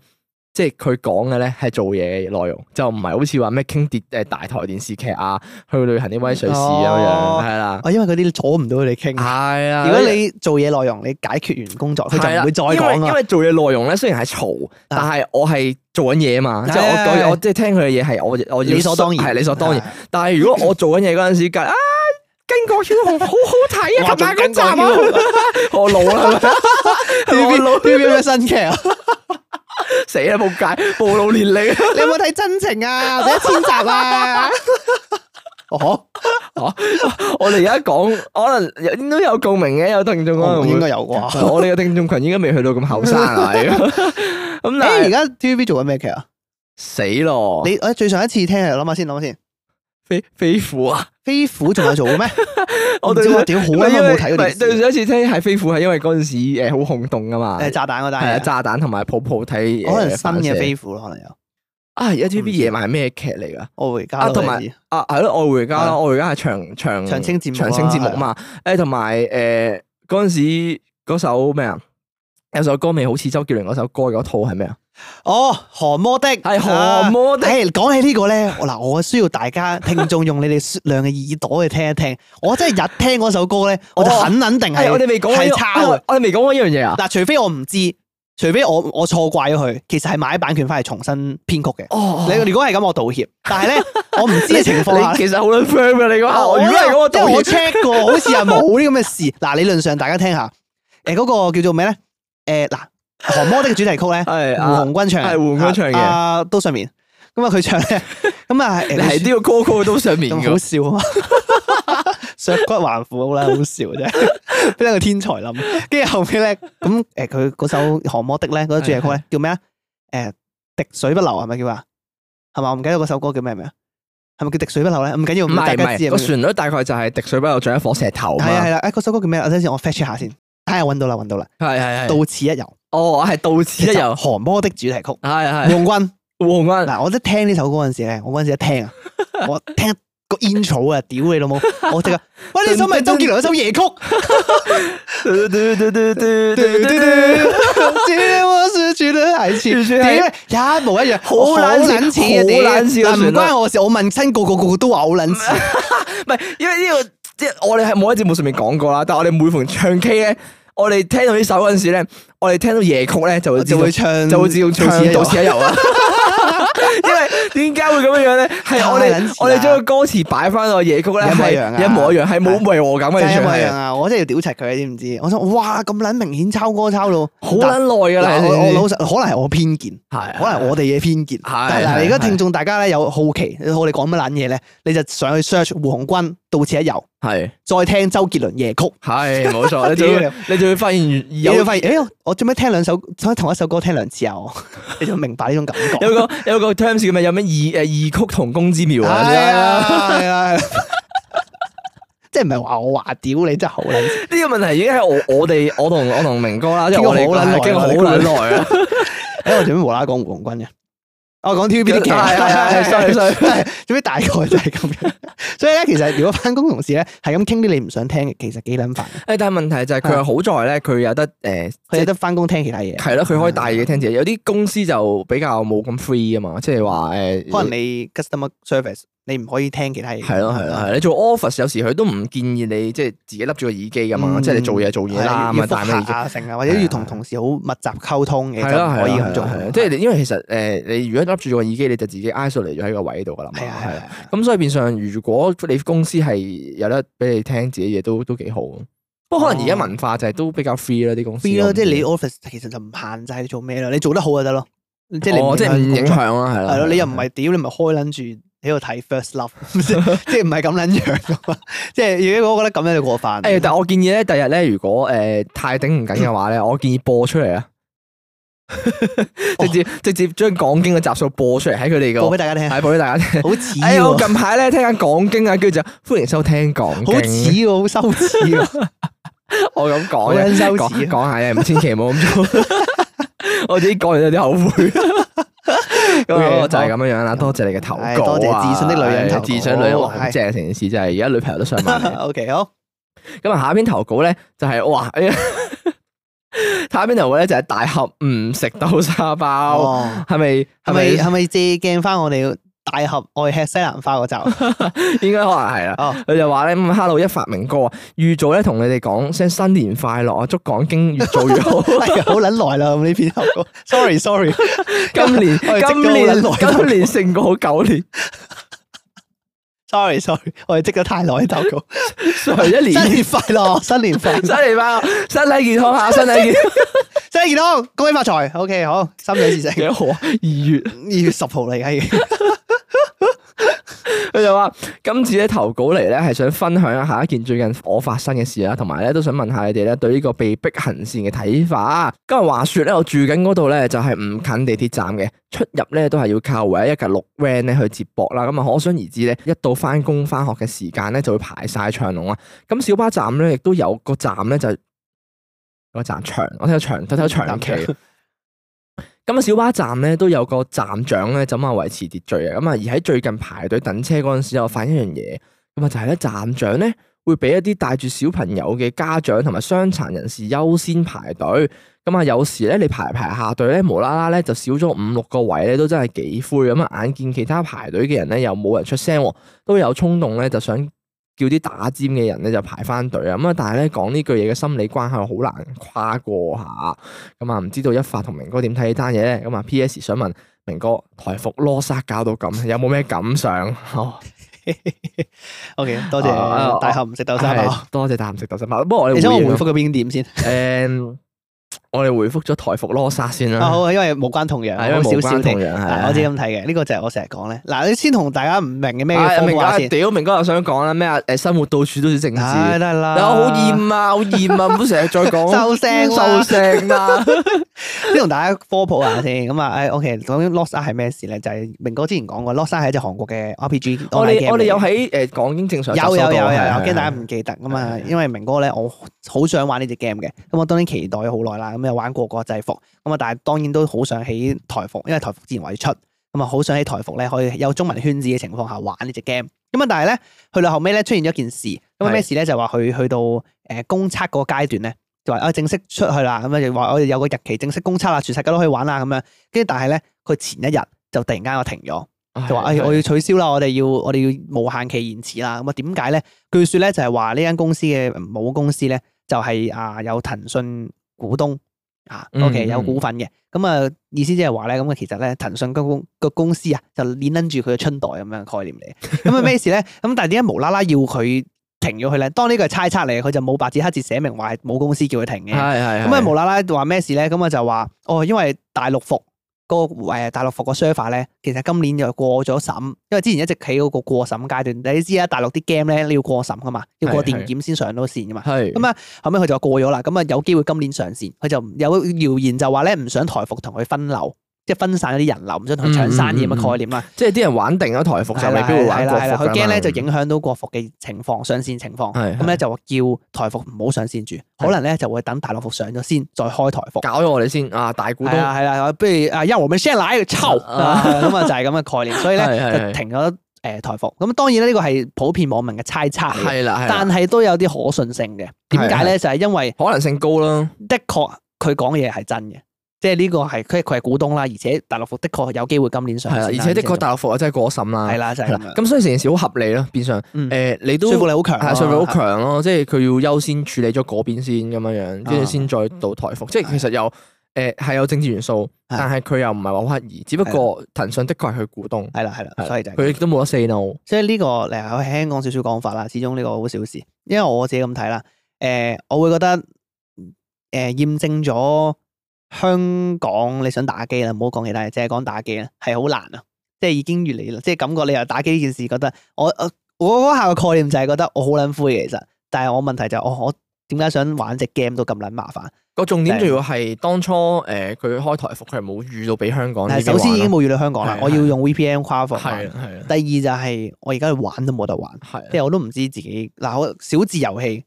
即係佢講嘅咧係做嘢嘅內容，就唔係好似話咩傾跌誒大台電視劇啊，去旅行啲威水史咁樣，係啦。因為嗰啲阻唔到，佢哋傾。係啊。如果你做嘢內容，你解決完工作，佢就唔會再講。因為做嘢內容咧，雖然係嘈，但係我係做緊嘢啊嘛。即係我我即係聽佢嘅嘢係我我理所當然，係理所當然。但係如果我做緊嘢嗰陣時，隔啊，今個 c h 好好睇啊，咁大個差唔多，我老啦，B B B B 咩新劇啊？死啦！仆街，暴露年齡你 你有冇睇真情啊？第一千集啊？哦，我哋而家講可能都有共鳴嘅，有聽眾講、哦、應該有啩。 我哋嘅聽眾群應該未去到咁後生啊 是！咁、hey，誒，而家 TVB 做緊咩劇啊？死咯！你我最上一次聽，諗下先，諗下先。飛飛虎啊！飛虎仲有做咩？我對我屌好耐冇睇。對上一次聽係飛虎係因為嗰陣時誒，好轟動噶嘛誒，炸彈嗰單係啊，炸彈同埋抱抱睇，可能新嘅飛虎咯，可能有啊。而家 TVB 夜晚係咩劇嚟噶愛回家啊，同埋啊係咯，愛回家咯，愛回家係長長長青節目，長青節目啊嘛。誒，同埋誒嗰陣時嗰首咩啊？有首歌未？好似周杰倫嗰首歌嗰套係咩啊？哦，韓魔的係韓魔的，係講起呢個咧，嗱，我需要大家聽眾用你哋雪亮嘅耳朵去聽一聽。我真係一聽嗰首歌咧，我就很肯定係我哋未講過，係抄嘅。我哋未講過呢樣嘢啊。嗱，除非我唔知，除非我我錯怪咗佢，其實係買版權翻嚟，重新編曲嘅。哦，你如果係咁，我道歉。但係咧，我唔知嘅情況下其實好多 friend 你如果如果係咁，我 check 過，好似係冇呢咁嘅事。嗱，理論上大家聽下，誒，嗰個叫做咩咧？誒，嗱。《降魔》的主題曲咧，係、哎啊、胡鴻鈞唱嘅，阿、啊啊、刀削麵。咁啊，佢唱咧，咁啊，係呢個歌曲刀削麵嘅，好笑啊！ 削骨還父啦，好笑真係，邊一個天才諗？跟住後尾咧，咁誒，佢嗰首《降魔》的咧，嗰、那個主題曲咧，叫咩啊？誒，滴水不流係咪叫啊？係嘛，我唔記得嗰首歌叫咩名，係咪叫滴水不流咧？唔緊要，大家知個旋律大概就係、是、滴水不流，像一顆石頭。係啊係啦，誒，嗰、哎、首歌叫咩？等陣先，我 fetch 下先。睇下揾到啦，揾到啦，係係係，到此一遊。哦，係到此一遊，韓波的主題曲。係係。王軍，王軍嗱，我都聽呢首歌嗰陣時咧，我嗰陣時一聽啊，我聽個煙草啊，屌你老母，我即刻喂，呢首咪周杰倫嗰首夜曲。嘟嘟嘟嘟嘟嘟嘟。今天我失 是一樣，好好卵似啊，點？唔是關我事，我問親個個，個個都話好卵似。唔係，因為呢、這個即係我哋係冇喺節目上面講過啦，但係我哋每逢唱 K 咧。我哋聽到呢首嗰陣時咧，我哋聽到夜曲咧就就會唱，就會自動唱到此一遊啊！因為點解會咁樣樣咧？係我哋我哋將個歌詞擺翻落夜曲咧，一模一樣，係冇違和感嘅完全係啊！我真係要屌柒佢，你知唔知？我想哇咁撚明顯抄歌抄到好撚耐噶啦！我老實可能係我偏見，係可能我哋嘅偏見。嗱，而家聽眾大家咧有好奇我哋講乜撚嘢咧，你就上去 search 胡鴻鈞。到此一遊，係是再聽周杰倫夜曲，係冇錯。你就會 、啊，你仲會發現，又發現，哎呀，我做咩聽兩首，同一首歌聽兩次啊？ 你就明白呢種感覺。 有個有個 terms 叫咩？有咩異誒異曲同工之妙啊！係啊，係啊， 即係唔係話我話屌你真係好靚呢？呢 個問題已經係我我哋我同我同明哥啦，經過 好經好耐啊！哎，我做咩無啦啦講胡洪軍嘅？我講 TVB 啲劇，係係係，所以大概就係咁樣。所以咧，其實如果翻工同事咧，係咁傾啲你唔想聽嘅，其實幾捻煩。但係問題就係佢又好在咧，佢有得誒，呃、佢有得翻工聽其他嘢。係咯，佢可以大嘢聽自己。有啲公司就比較冇咁 free 啊嘛，即係話誒，可能你 customer service。你唔可以聽其他嘢，係咯係咯係。你做 office 有時佢都唔建議你即係自己笠住個耳機噶嘛，即係你做嘢做嘢啦，咪戴咩耳機或者要同同事好密集溝通嘅，就唔可以咁做嘅。即係因為其實誒，你如果笠住個耳機，你就自己 isolated 喺個位度噶啦嘛。咁所以變相，如果你公司係有得俾你聽自己嘢，都都幾好。不過可能而家文化就係都比較 free 啦，啲公司。即係你 office 其實就唔限制你做咩啦，你做得好就得咯。即係唔影響啊，係啦。係咯，你又唔係屌，你咪開撚住。喺度睇 First Love，即係唔係咁捻樣㗎嘛，即係如果我覺得咁樣就過分。誒，但係我建議咧，第日咧如果誒太頂唔緊嘅話咧，我建議播出嚟啊！直接直接將《講經》嘅集數播出嚟，喺佢哋嘅播俾大家聽，係播俾大家聽。好似，哎呀，近排咧聽緊《講經》啊，跟住就歡迎收聽《講經》，好似喎，好羞恥啊！我咁講，真羞恥，講下咧，千祈唔好咁做。我自己講完有啲後悔。嗰就係咁樣樣啦、嗯哎，多謝你嘅投稿啊！自信的女人，自信女人，好正，成件事，就係而家女朋友都想問。 o、okay, K，好。咁啊，下一投稿咧就係、是、哇，睇、哎、 下邊投稿咧就係、是、大俠唔食豆沙包，係咪係咪係咪借鏡翻我哋？大俠愛吃西蘭花嗰集，就 應該可能係啦。佢、oh, 就話咧咁，Hello，一發明哥啊，預早咧同你哋講聲新年快樂啊，祝講經越做越好。好捻耐啦，呢篇投稿。 sorry, sorry 在 s o r r y sorry，今年今年今年，今年成個九年，sorry sorry，我哋積咗太耐投稿。一 年快樂，新年快樂， 新年快樂，身體健康吓，身體健，身 體健康，恭喜發財。OK，好，三月幾號啊？二 月二 月十號嚟已嘅。 佢 就話：今次咧投稿嚟咧，係想分享一下一件最近我發生嘅事啦，同埋咧都想問下你哋咧對呢個被逼行善嘅睇法。今日話說咧，我住緊嗰度咧就係唔近地鐵站嘅，出入咧都係要靠唯一一架綠 van 咧去接駁啦。咁啊，可想而知咧，一到翻工翻學嘅時間咧就會排晒長龍啦。咁小巴站咧亦都有個站咧就個站長，我睇到長，睇睇到長， 長期。咁啊，小巴站咧都有個站長咧，怎埋維持秩序啊。咁啊，而喺最近排隊等車嗰陣時，我發現一樣嘢，咁啊，就係咧站長咧會俾一啲帶住小朋友嘅家長同埋傷殘人士優先排隊。咁啊，有時咧你排排下隊咧，無啦啦咧就少咗五六個位咧，都真係幾灰。咁啊，眼見其他排隊嘅人咧又冇人出聲，都有衝動咧就想叫啲打尖嘅人咧就排翻隊啊！咁啊，但係咧講呢句嘢嘅心理關係好難跨過下，咁啊，唔知道一發同明哥點睇呢單嘢咧？咁啊，P. S. 想問明哥台服囉莎搞到咁，有冇咩感想？O. K.、呃、吧多謝大俠唔食豆沙包，吧多謝大俠唔食豆沙包。不過 我想我回復佢邊點先？誒。 我哋回覆咗台服羅沙先啦。啊好，因為無關痛癢，關同樣好少少痛癢，係對對我自己咁睇嘅。呢、這個就係我成日講咧。嗱對，你先同大家唔明嘅咩嘅方法先屌、哎、明哥又想講啦咩啊？誒，生活到處都是政治，係、哎、啦、哎，我好厭啊，好厭啊，唔好成日再講收聲、啊，收聲啦。 先同大家科普下先，咁啊，誒，OK，講 Lost Ark 係咩事咧？就係、是、明哥之前講過 Lost Ark 係一隻韓國嘅 RPG online game 我哋有喺誒講英正常有有有有驚，是是是是大家唔記得咁啊，因為明哥咧，我好想玩呢隻 game 嘅，咁我當然期待好耐啦，咁又玩過國際服，咁啊，但係當然都好想喺台服，因為台服自然為出，咁啊，好想喺台服咧可以有中文圈子嘅情況下玩呢隻 game，咁啊，但係咧去到後尾咧出現咗件事，咁啊咩事咧？就話佢去到誒公測嗰個階段咧。正式出去啦，咁啊又話我哋有個日期正式公測啦，全世界都可以玩啦，咁樣。跟住但係咧，佢前一日就突然間又停咗，啊、就話說誒、哎、我要取消啦、啊，我哋要我哋要無限期延遲啦。咁啊點解咧？據說咧就係話呢間公司嘅母公司咧就係啊有騰訊股東啊、嗯嗯、，OK 有股份嘅。咁啊意思即係話咧，咁其實咧騰訊公個公司啊就捏拎住佢嘅春袋咁樣概念嚟。咁啊咩事咧？咁 但係點解無啦啦要佢？停咗佢咧，當呢個係猜測嚟，佢就冇白紙黑字寫明話係冇公司叫佢停嘅是。係係咁啊，無啦啦話咩事咧？咁我就話哦，因為大陸服個誒大陸服個 server 咧，其實今年就過咗審，因為之前一直企嗰個過審階段。你知啊，大陸啲 game 咧，你要過審噶嘛，要過電檢先上到線噶嘛。係咁啊，後尾佢就過咗啦，咁啊有機會今年上線。佢就有謠言就話咧，唔想台服同佢分流。即分散一啲人流，唔想同佢搶生意咁嘅概念啦。即係啲人玩定咗台服，就未必會玩國服。佢驚咧就影響到國服嘅情況上線情況。咁咧就叫台服唔好上線住，可能咧就會等大陸服上咗先，再開台服，搞咗我哋先啊！大股東係啦，不如啊，一毫米生奶抽咁啊，就係咁嘅概念。所以咧就停咗誒台服。咁當然呢個係普遍網民嘅猜測，係啦，但係都有啲可信性嘅。點解咧？就係因為可能性高啦。的確，佢講嘢係真嘅。即係呢個係佢，佢係股東啦，而且大陸服的確有機會今年上市，係啦，而且的確大陸服啊真係過審啦，係啦，就係啦。咁所以成件事好合理咯，變相誒、嗯呃，你都說服力好強，係說服力好強咯，的即係佢要優先處理咗嗰邊先咁樣樣，跟住先再到台服。的即係其實有誒係、呃、有政治元素，的但係佢又唔係話刻意，只不過騰訊的確係佢股東，係啦，係啦，所以就佢亦都冇得 say no。所以呢個嚟我輕講少少講法啦，始終呢個好小事。因為我自己咁睇啦，誒、呃、我會覺得誒呃、驗證咗。香港你想打機啦，唔好講其他，嘢、就是，淨係講打機啦，係好難啊！即係已經越嚟，越，即係感覺你又打機呢件事覺，覺得我我我嗰下嘅概念就係覺得我好撚灰嘅其實，但係我問題就係、我我點解想玩隻 game 都咁撚麻煩？個重點仲要係當初誒佢、就是呃、開台服佢係冇預到俾香港，但係首先已經冇預到香港啦，的我要用 VPN 跨服係，係第二就係我而家玩都冇得玩，的即係我都唔知自己嗱我小字遊戲，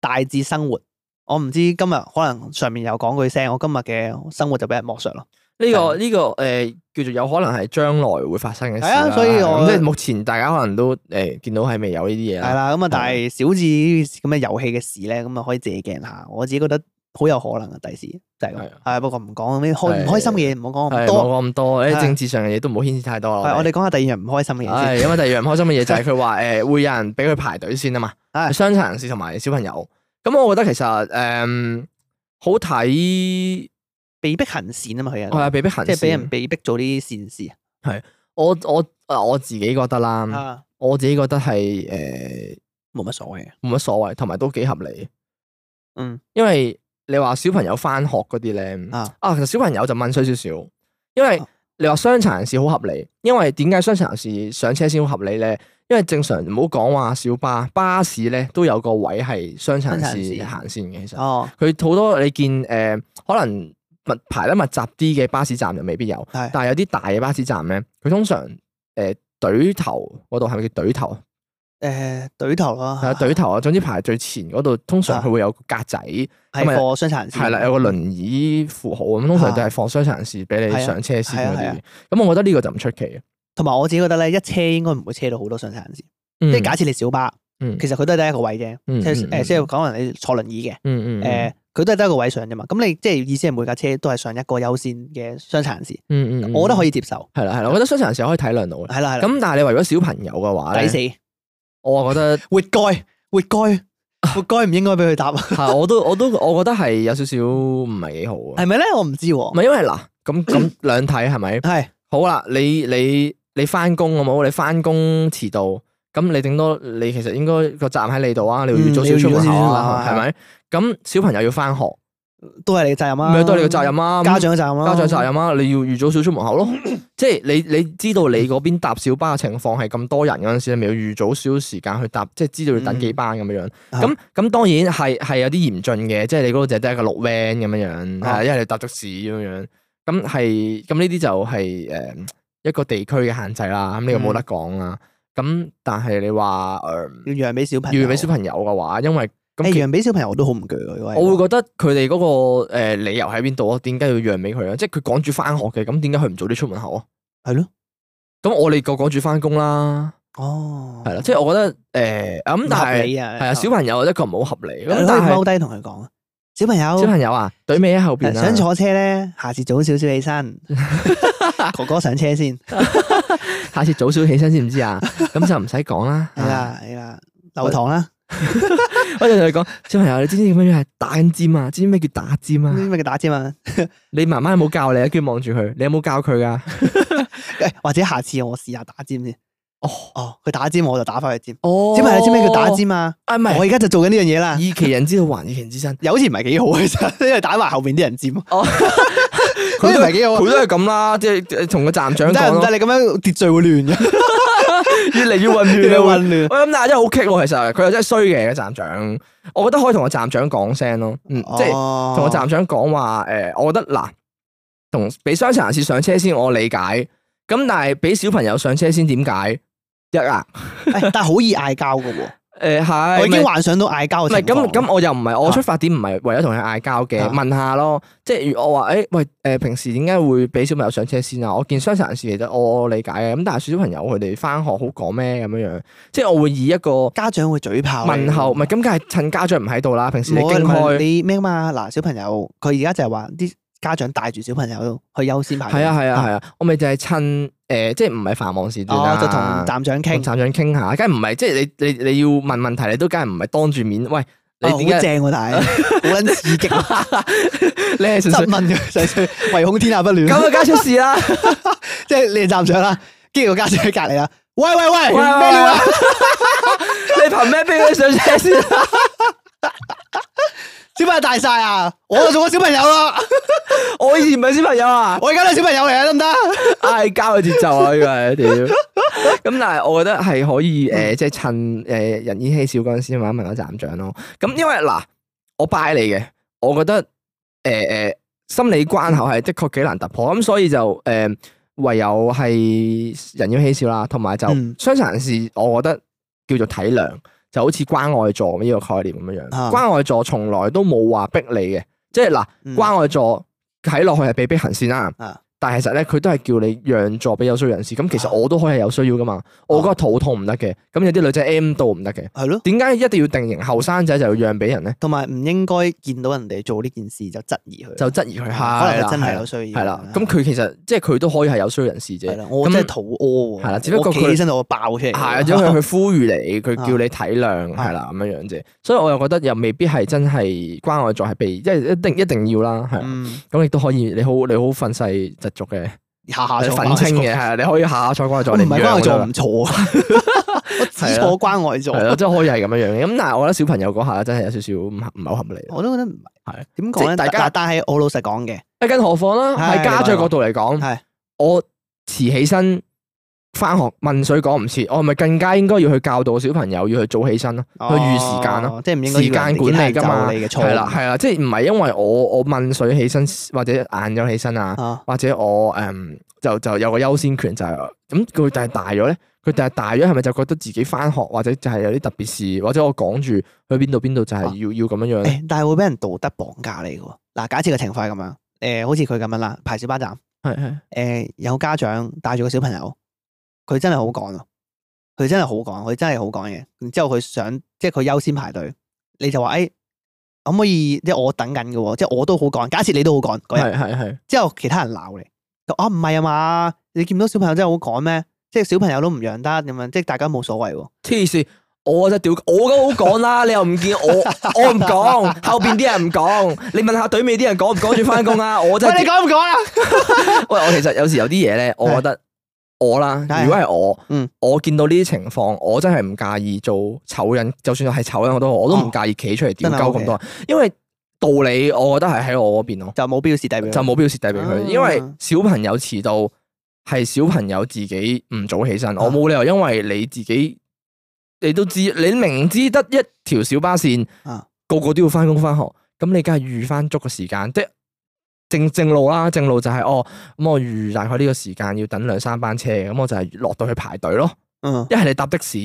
大字生活。我唔知今日可能上面有講句聲，我今日嘅生活就俾人剝削咯。呢個呢個誒叫做有可能係將來會發生嘅事。係啊，所以我即係目前大家可能都誒見到係未有呢啲嘢。係啦，咁啊，但係小智咁嘅遊戲嘅事咧，咁啊可以借鏡下。我自己覺得好有可能啊，第時就係咁。係，不過唔講啲開唔開心嘅嘢，唔好講咁多。冇講咁多，啲政治上嘅嘢都唔好牽涉太多。係，我哋講下第二樣唔開心嘅嘢先。因為第二樣唔開心嘅嘢就係佢話誒會有人俾佢排隊先啊嘛。係，傷殘人士同埋小朋友。咁、嗯、我覺得其實誒、嗯，好睇，被逼行善啊嘛，佢人係啊，嗯、被逼行善即係俾人被逼做啲善事。係我我我自己覺得啦，啊、我自己覺得係誒，冇、呃、乜所謂，冇乜所謂，同埋都幾合理。嗯，因為你話小朋友翻學嗰啲咧啊，啊，啊，其實小朋友就問衰少少，因為你話傷殘人士好合理，因為點解傷殘人士上車先好合理咧？因為正常唔好講話小巴，巴士咧都有個位係傷殘人士行先嘅，其實。哦。佢好多你見誒，可能密排得密集啲嘅巴士站就未必有，是但係有啲大嘅巴士站咧，佢通常誒隊頭嗰度係咪叫隊頭？誒、呃，隊頭咯。係啊，隊頭、嗯、啊，總之排最前嗰度，通常佢會有格仔，係放傷殘。係啦，有個輪椅符號咁，通常就係放傷殘人士俾你上車先嗰啲。咁我覺得呢個就唔出奇。同埋我自己覺得咧，一車應該唔會車到好多傷殘人士。即係假設你小巴，其實佢都係得一個位啫。即係誒，即係講話你坐輪椅嘅，誒佢都係得一個位上啫嘛。咁你即係意思係每架車都係上一個優先嘅傷殘人士。嗯嗯，我覺得可以接受。係啦係啦，我覺得傷殘人士可以體諒到嘅。係啦，咁但係你話如果小朋友嘅話，抵死，我覺得活該活該活該，唔應該俾佢搭。係，我都我都我覺得係有少少唔係幾好啊。係咪咧？我唔知喎。唔係因為嗱，咁咁兩睇係咪？係。好啦，你你。你翻工好冇？你翻工遲到，咁你頂多你其實應該個責任喺你度啊！你要預早少出門口係、啊、咪？咁小朋友要翻學，都係你嘅責任啊！咩都係你嘅責任啊！家長嘅責任啊，家長責任啊！你要預早少出門口咯， 即係你你知道你嗰邊搭小巴嘅情況係咁多人嗰陣時你咪要預早少少時間去搭，即係知道要等幾班咁樣樣。咁咁、嗯嗯、當然係係有啲嚴峻嘅，即係你嗰度淨得一個綠 van 咁樣樣，因為你搭的士咁樣樣。咁係咁呢啲就係、是、誒。嗯一個地區嘅限制啦，咁呢個冇得講啦。咁、嗯、但係你話，誒、呃，要讓俾小讓俾小朋友嘅話，因為咁、哎、讓俾小朋友我都好唔鋸我會覺得佢哋嗰個誒、呃、理由喺邊度啊？點解要讓俾佢啊？即係佢趕住翻學嘅，咁點解佢唔早啲出門口啊？係咯的，咁我哋個趕住翻工啦。哦，係啦，即係我覺得誒，咁、呃、但係係啊，小朋友一個唔好合理咁，嗯、你可以踎低同佢講啊。小朋友，小朋友啊，隊尾喺後邊啊。想坐車咧，下次早少少起身。 哥哥上車先， 下次早少起身，知唔知啊？咁 就唔使講啦。係啦 唉，係啦，留堂啦。 我仲同你講，小朋友，你知唔知點樣係打尖啊？知唔知咩叫打尖啊？知唔知咩叫打尖啊？ 你媽媽有冇教你啊？叫望住佢，你有冇教佢噶？ 或者下次我試下打尖先。哦哦，佢打尖我就打翻佢尖，哦，知唔知？知唔知叫打尖嘛？啊唔係，我而家就做緊呢樣嘢啦。以其人之道還以其人之身，又好似唔係幾好啊，因為打埋後邊啲人尖。哦，佢唔係幾好，佢都係咁啦，即係同個站長。但係你咁樣秩序會亂嘅，越嚟越混亂，越嚟混亂。喂，咁但係真係好棘咯，其實佢又真係衰嘅個站長。我覺得可以同個站長講聲咯，即係同個站長講話。誒，我覺得嗱，同俾傷殘人士上車先，我理解。咁但係俾小朋友上車先，點解？一、 哎、啊，但係好易嗌交噶喎。誒係，我已經幻想到嗌交。唔係咁咁，我又唔係我出發點唔係為咗同佢嗌交嘅，的問下咯。即係我話誒、欸、喂，誒、呃、平時點解會俾小朋友上車先啊？我見傷殘人士其實我我、哦、理解嘅，咁但係小朋友佢哋翻學好講咩咁樣樣。即係我會以一個家長會嘴炮問候，唔係咁梗係趁家長唔喺度啦。平時驚開你咩嘛？嗱，小朋友佢而家就係話啲。家長帶住小朋友去優先排隊。係啊係啊係啊，我咪就係趁誒、呃，即係唔係繁忙時段，哦、就同站長傾，站長傾下，梗係唔係，即係你你你要問問題，你都梗係唔係當住面。喂，你好、哦、正、啊，我睇，好有 刺激。 你係質 問嘅，純粹唯恐天下不亂。咁啊，梗出事啦。即係 你係站長啦，跟住個家長喺隔籬啦。喂喂喂，喂，你憑咩俾佢上車先？ 小朋友大晒啊！我就做我小朋友咯， 我以前唔係小朋友啊， 我而家都係小朋友嚟啊，得唔得？嗌交嘅節奏啊，原來，屌！咁 但係我覺得係可以誒、呃，即係趁誒人煙稀少嗰陣時，問一問嗰站長咯。咁因為嗱，我拜你嘅，我覺得誒誒、呃，心理關口係的確幾難突破，咁所以就誒、呃，唯有係人煙稀少啦，同埋就傷殘事，我覺得叫做體諒。就好似關愛座咁呢個概念咁樣樣，嗯、關愛座從來都冇話逼你嘅，即係嗱，關愛座睇落去係被逼行善啦。嗯但係其實咧，佢都係叫你讓座俾有需要人士。咁其實我都可以係有需要噶嘛。我覺得肚痛唔得嘅，咁有啲女仔 M 到唔得嘅。係咯。點解一定要定型後生仔就要讓俾人咧？同埋，唔應該見到人哋做呢件事就質疑佢。就質疑佢，可能真係有需要。係啦。咁佢其實即係佢都可以係有需要人士啫。係啦。我真係肚屙。係啦。只不過佢起身我爆先。係，即係佢呼籲你，佢叫你體諒，係啦咁樣樣啫。所以我又覺得又未必係真係關愛座係被，即係一定一定要啦。係。咁亦都可以，你好你好憤世。續嘅下下粉青嘅係，你可以下下彩關去座，唔係關愛座唔錯啊，我關愛座，我真係可以係咁樣樣嘅。咁但係我覺得小朋友嗰下真係有少少唔唔係好合理，我都覺得唔係，係點講咧？大家但係我老實講嘅，更何況啦？喺家長角度嚟講，係我遲起身。翻學問水講唔切，我咪更加應該要去教導小朋友要去早起身咯，哦、去預時間咯、哦，即係唔應該時間管理噶嘛，係啦係啦，即係唔係因為我我問水起身或者晏咗起身啊，或者、啊、或者我誒、嗯、就就有個優先權就咁、是，佢但係大咗咧，佢但係大咗係咪就覺得自己翻學或者就係有啲特別事，或者我講住去邊度邊度就係要、啊、要咁樣樣、欸，但係會俾人道德綁架你噶，嗱、啊、假設個情況咁、呃、樣，誒好似佢咁樣啦，排小巴站係，誒的的、呃、有家長帶住個小朋友。佢真係好趕咯，佢真係好趕，佢真係好趕嘢。然之後佢想，即係佢優先排隊，你就話誒、哎，可唔可以即係我等緊嘅，即係我都好趕。假設你都好趕，係係係。之是後其他人鬧你，啊唔係啊嘛，你見唔到小朋友真係好趕咩？即係小朋友都唔讓得咁樣，即係大家冇所謂。黐線，我真係屌，我都好趕啦、啊， 你又唔見我，我唔講，後邊啲人唔講，你問下隊尾啲人趕唔趕住翻工啊？我真你講唔講啊？喂 我其實有時有啲嘢咧，我覺得。 我啦，如果係我，嗯、我見到呢啲情況，我真係唔介意做醜人，就算係醜人我都好，我都唔介意企出嚟點鳩咁多，因為道理我覺得係喺我嗰邊咯，就冇標示遞畀，就冇標示遞畀佢，啊、因為小朋友遲到係小朋友自己唔早起身，啊、我冇理由因為你自己，你都知你明知得一條小巴線，啊、個個都要翻工翻學，咁你梗係預翻足個時間，即正正路啦，正路就係、是、哦，咁、嗯、我預大概呢個時間要等兩三班車嘅，咁、嗯、我就係落到去排隊咯。嗯，一係你搭的士，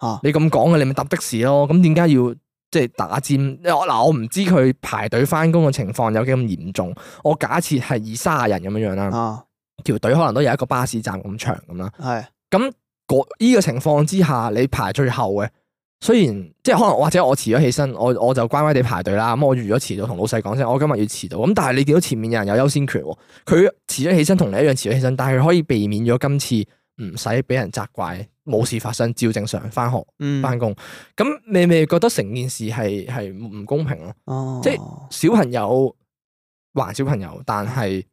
吓，你咁講嘅，你咪搭的士咯。咁點解要即係打尖？嗱，我唔知佢排隊翻工嘅情況有幾咁嚴重。我假設係二卅人咁樣樣啦，條隊、uh huh. 可能都有一個巴士站咁長咁啦。係，咁嗰呢個情況之下，你排最後嘅。雖然即係可能或者我遲咗起身，我我就乖乖地排隊啦。咁我預咗遲到，同老細講聲，我今日要遲到。咁但係你見到前面有人有優先權，佢遲咗起身同你一樣遲咗起身，但係佢可以避免咗今次唔使俾人責怪，冇事發生，照正常翻學、翻工。咁你咪覺得成件事係係唔公平咯？哦、即係小朋友還小朋友，但係。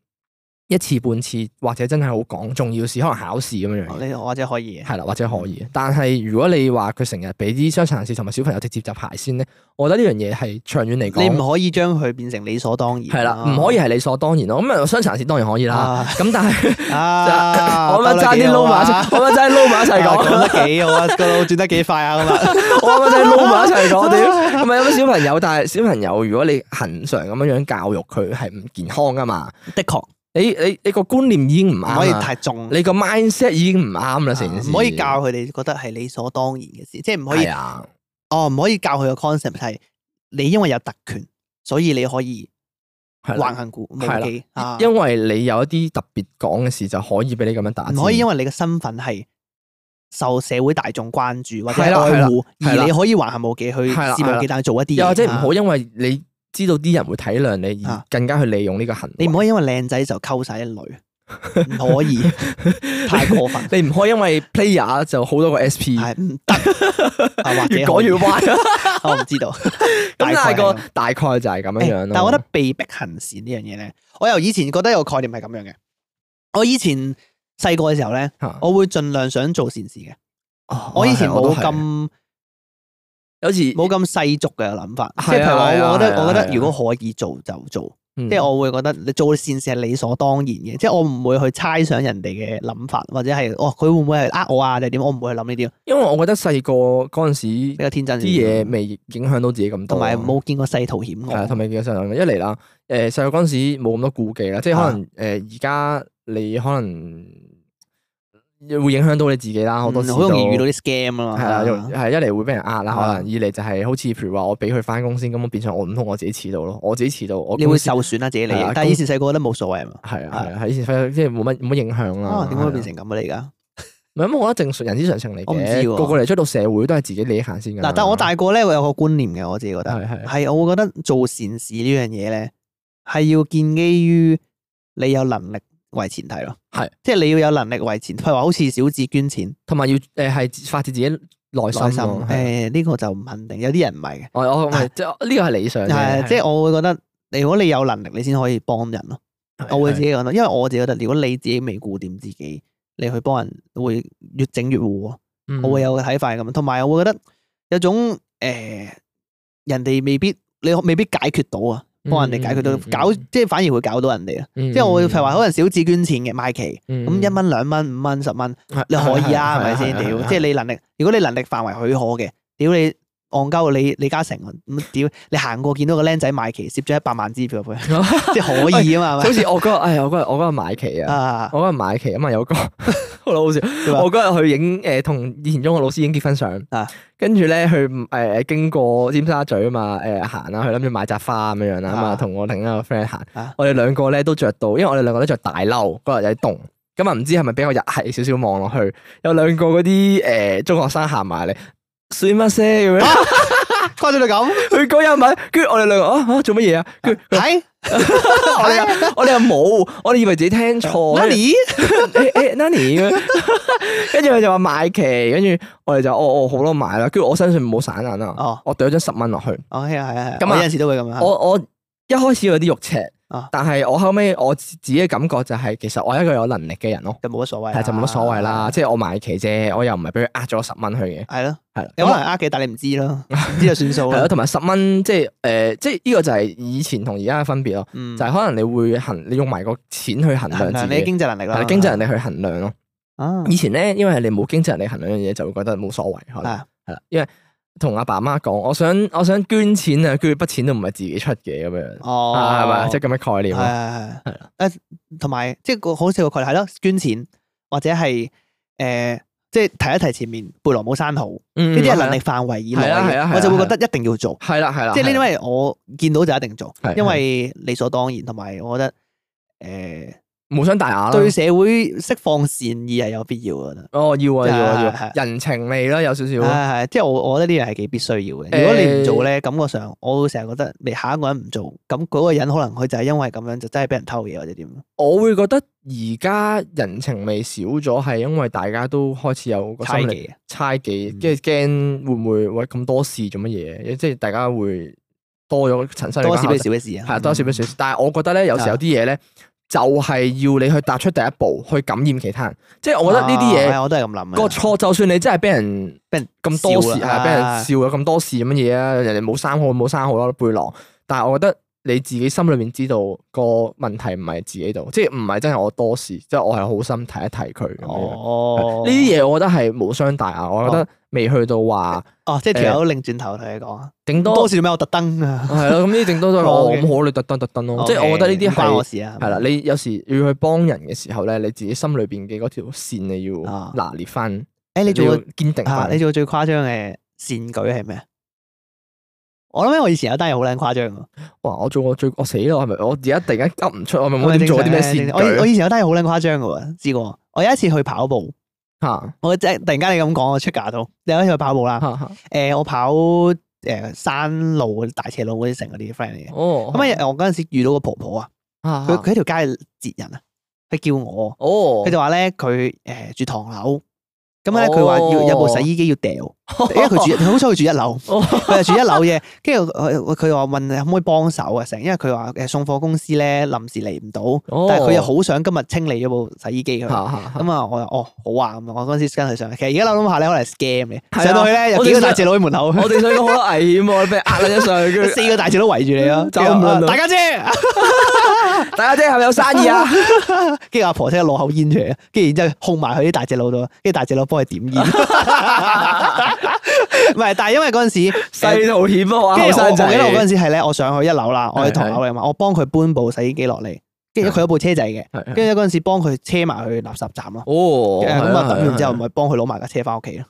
一次半次或者真係好講重要事，可能考試咁樣樣，或者可以係啦，或者可以。但係如果你話佢成日俾啲傷殘人士同埋小朋友直接執牌先咧，我覺得呢樣嘢係長遠嚟講。你唔可以將佢變成理所當然，係啦，唔可以係理所當然咯。咁啊，傷殘人士當然可以啦。咁但係啊，是啊 我咪爭啲撈埋，我咪爭撈埋一齊講，講、啊、得幾好啊，個腦轉得幾快啊嘛。 我咪爭撈埋一齊講，係咪有啲小朋友，但係小朋友，如果你恒常咁樣樣教育佢，係唔健康噶嘛？的確。你你你個觀念已經唔可以太重，你個 mindset 已經唔啱啦，成件事。啊，唔可以教佢哋覺得係理所當然嘅事，即係唔可以。的哦，唔可以教佢個 concept 係，你因為有特權，所以你可以橫行無忌。的啊，因為你有一啲特別講嘅事，就可以俾你咁樣打。唔可以，因為你嘅身份係受社會大眾關注或者愛護，而你可以橫行無忌去肆無忌憚的的做一啲又的的或者唔好，因為你。知道啲人會體諒你，而更加去利用呢個行為。你唔 可， 可以因為靚仔就溝晒一女，唔可以太過分。你唔可以因為 player 就好多個 SP，唔得。越講越歪， 可 我唔知道。咁 個大， 大概就係咁樣樣咯、欸。但係我覺得被逼行善呢樣嘢咧，我由以前覺得有個概念係咁樣嘅。我以前細個嘅時候咧，我會盡量想做善事嘅。哦哎、我以前冇咁。好似冇咁世俗嘅諗法，即係我覺得我覺得如果可以做就做，即係、嗯、我會覺得你做善事係理所當然嘅，即係我唔會去猜想人哋嘅諗法，或者係哦佢會唔會係呃我啊，定係點？我唔會去諗呢啲。因為我覺得細個嗰陣時比較天真，啲嘢未影響到自己咁多，同埋冇見過世途險。同埋、嗯、冇見過世途險。一嚟啦，誒細個嗰陣時冇咁多顧忌啦，即係可能誒而家你可能。會影響到你自己啦，好多好容易遇到啲 scam 咯。係啊，係一嚟會俾人呃啦，可能二嚟就係好似譬如話我俾佢翻工先，咁我變成我唔通我自己遲到咯，我自己遲到我你會受損啊自己，但以前細個咧冇所謂係嘛，係啊係啊，以前細個即係冇乜冇乜影響啊。啊，點解會變成咁啊？你而家唔係咁，我覺得正常人之常情嚟嘅，個個嚟出到社會都係自己理行先噶。嗱，但係我大個咧，我有個觀念嘅，我自己覺得係係，我會覺得做善事呢樣嘢咧係要建基於你有能力。為前提咯，係是，即係你要有能力為前，譬如話好似小智捐錢，同埋要誒係、呃、發自自己內心，心，誒呢的、呃這個就唔肯定，有啲人唔係嘅。我唔係，即呢個係理想。係的，的即係我會覺得，如果你有能力，你先可以幫人咯。的我會自己講咯，因為我自己覺得，如果你自己未顧掂自己，你去幫人會越整越糊。嗯、我會有個睇法咁，同埋我會覺得有種誒、呃，人哋未必你未必，你未必解決到啊。幫人哋解決到，搞即係反而會搞到人哋啊！即係我譬如話，可能小資捐錢嘅買旗。咁一蚊兩蚊五蚊十蚊，你可以啊，係咪先？屌，即係你能力，如果你能力範圍許可嘅，屌你戇鳩，你李嘉誠咁屌，你行過見到個僆仔買旗，攝咗一百萬支票，即係可以啊嘛！好似我嗰日，哎我嗰日我嗰日買旗啊，我嗰日買旗啊嘛，有個。好笑我！我嗰日去影誒，同以前中學老師影結婚相，跟住咧去誒、呃、經過尖沙咀啊嘛，誒、呃、行啊，去諗住買扎花咁樣啦啊同我另一個 friend 行，啊、我哋兩個咧都着到，因為我哋兩個都着大褸，嗰日又凍，咁啊唔知係咪比我日係少少望落去，有兩個嗰啲誒中學生行埋嚟，算乜聲咁樣。 誇咗到咁，佢講英文，跟住我哋兩個啊做乜嘢啊？跟住睇，我哋我哋又冇，我哋以為自己聽錯。Nanny，n a n n y 跟住佢就話買旗，跟住我哋就哦哦好啦，買啦。跟住我身上冇散銀啊，我抌咗張十蚊落去。哦，係、哦、啊，係啊，係啊，哦、我,我有陣時都會咁樣。 我我一開始有啲肉赤。但係我後尾我自己嘅感覺就係，其實我係一個有能力嘅人咯，啊、就冇乜所謂，就冇乜所謂啦。即係我買旗啫，我又唔係俾佢呃咗十蚊去嘅。係咯，係啦，有可能呃嘅，但係你唔知啦，唔知就算數，係咯，同埋十蚊，即係誒，即係呢個就係以前同而家嘅分別咯。嗯、就係可能你會衡，你用埋個錢去衡量自己嘅經濟能力啦。用經濟能力去衡量咯。啊、以前咧，因為你冇經濟能力衡量嘅嘢，就會覺得冇所謂可能係啦，因為。同阿爸阿媽講，我想我想捐錢啊，捐筆錢都唔係自己出嘅咁樣，係咪？即係咁嘅概念。係係係，誒，同埋即係個好似個概念係咯，捐錢或者係誒，即係提一提前面貝羅冇生好，呢啲係能力範圍以內嘅嘢，我就會覺得一定要做。係啦係啦，即係呢啲係我見到就一定做，因為理所當然，同埋我覺得誒。冇想大雅咯，對社會釋放善意係有必要，我哦，要啊，要要，人情味啦，有少少。係係，即係我，我覺得呢樣係幾必須要嘅。如果你唔做咧，感覺上我成日覺得，你下一個人唔做，咁嗰個人可能佢就係因為咁樣就真係俾人偷嘢或者點。我會覺得而家人情味少咗，係因為大家都開始有猜忌，猜忌，即係驚會唔會喂咁多事做乜嘢？即係大家會多咗陳生。多事畀少啲事啊！係多事畀少事，但係我覺得咧，有時候有啲嘢咧。就係要你去踏出第一步，去感染其他人，啊、即係我覺得呢啲嘢，我都係咁諗。個錯就算你真係俾人俾人咁多事，係俾人笑咗咁多事咁嘅嘢啊，人哋冇生好冇生好咯背囊，但係我覺得。你自己心裏面知道個問題唔係自己度，即係唔係真係我多事，即係我係好心提一提佢哦，呢啲嘢，我覺得係無傷大雅，我覺得未去到話哦，即係條友擰轉頭同你講，頂多事咩？我特登啊，係咯，咁呢啲頂多都我好，你特登特登咯？即係我覺得呢啲係係啦，你有時要去幫人嘅時候咧，你自己心裏邊嘅嗰條線你要拿捏翻。誒，你做個堅定，你做最誇張嘅善舉係咩？我諗起我以前有單嘢好卵誇張嘅，哇！我做我最我死咯，係咪？我而家突然間急唔出，我咪冇點做啲咩先？我我以前有單嘢好卵誇張嘅喎，知唔知我有一次去跑步，吓， 我即突然間你咁講，我出閘到。你有一次去跑步啦，誒、 呃，我跑誒、呃、山路、大斜路嗰啲成嗰啲 friend 嚟嘅。咁 我嗰陣時遇到個婆婆啊，佢佢喺條街截人啊，佢叫我，佢就話咧，佢誒、呃、住唐樓，咁咧佢話要有部洗衣機要掉。因為佢住，好彩佢住一樓，佢係住一樓嘅。跟、哦、住佢佢，話問，你可唔可以幫手啊？成，因為佢話誒，送貨公司咧臨時嚟唔到，但係佢又好想今日清理咗部洗衣機咁咁啊，我又哦好啊。咁啊，我嗰陣時跟佢上，其實而家諗諗下咧，可能係 scam 嘅。上到去咧，有幾個大隻佬喺門口。啊、我哋上咗好多危險喎，俾 人壓咗上去，跟住 四個大隻佬圍住你咯。走走 大家姐， 大家姐係咪有生意啊？跟住阿婆即刻攞口煙出嚟，跟住然之後控埋佢啲大隻佬度，跟住大隻佬幫佢點煙。唔係，但係因為嗰陣時細路險啊，跟住我記得我嗰陣時係咧，我上去一樓啦，我喺同樓嚟嘛，我幫佢搬部洗衣機落嚟，跟住佢有部車仔嘅，跟住嗰陣時幫佢車埋去垃圾站咯，哦，咁啊抌完之後咪幫佢攞埋架車翻屋企咯，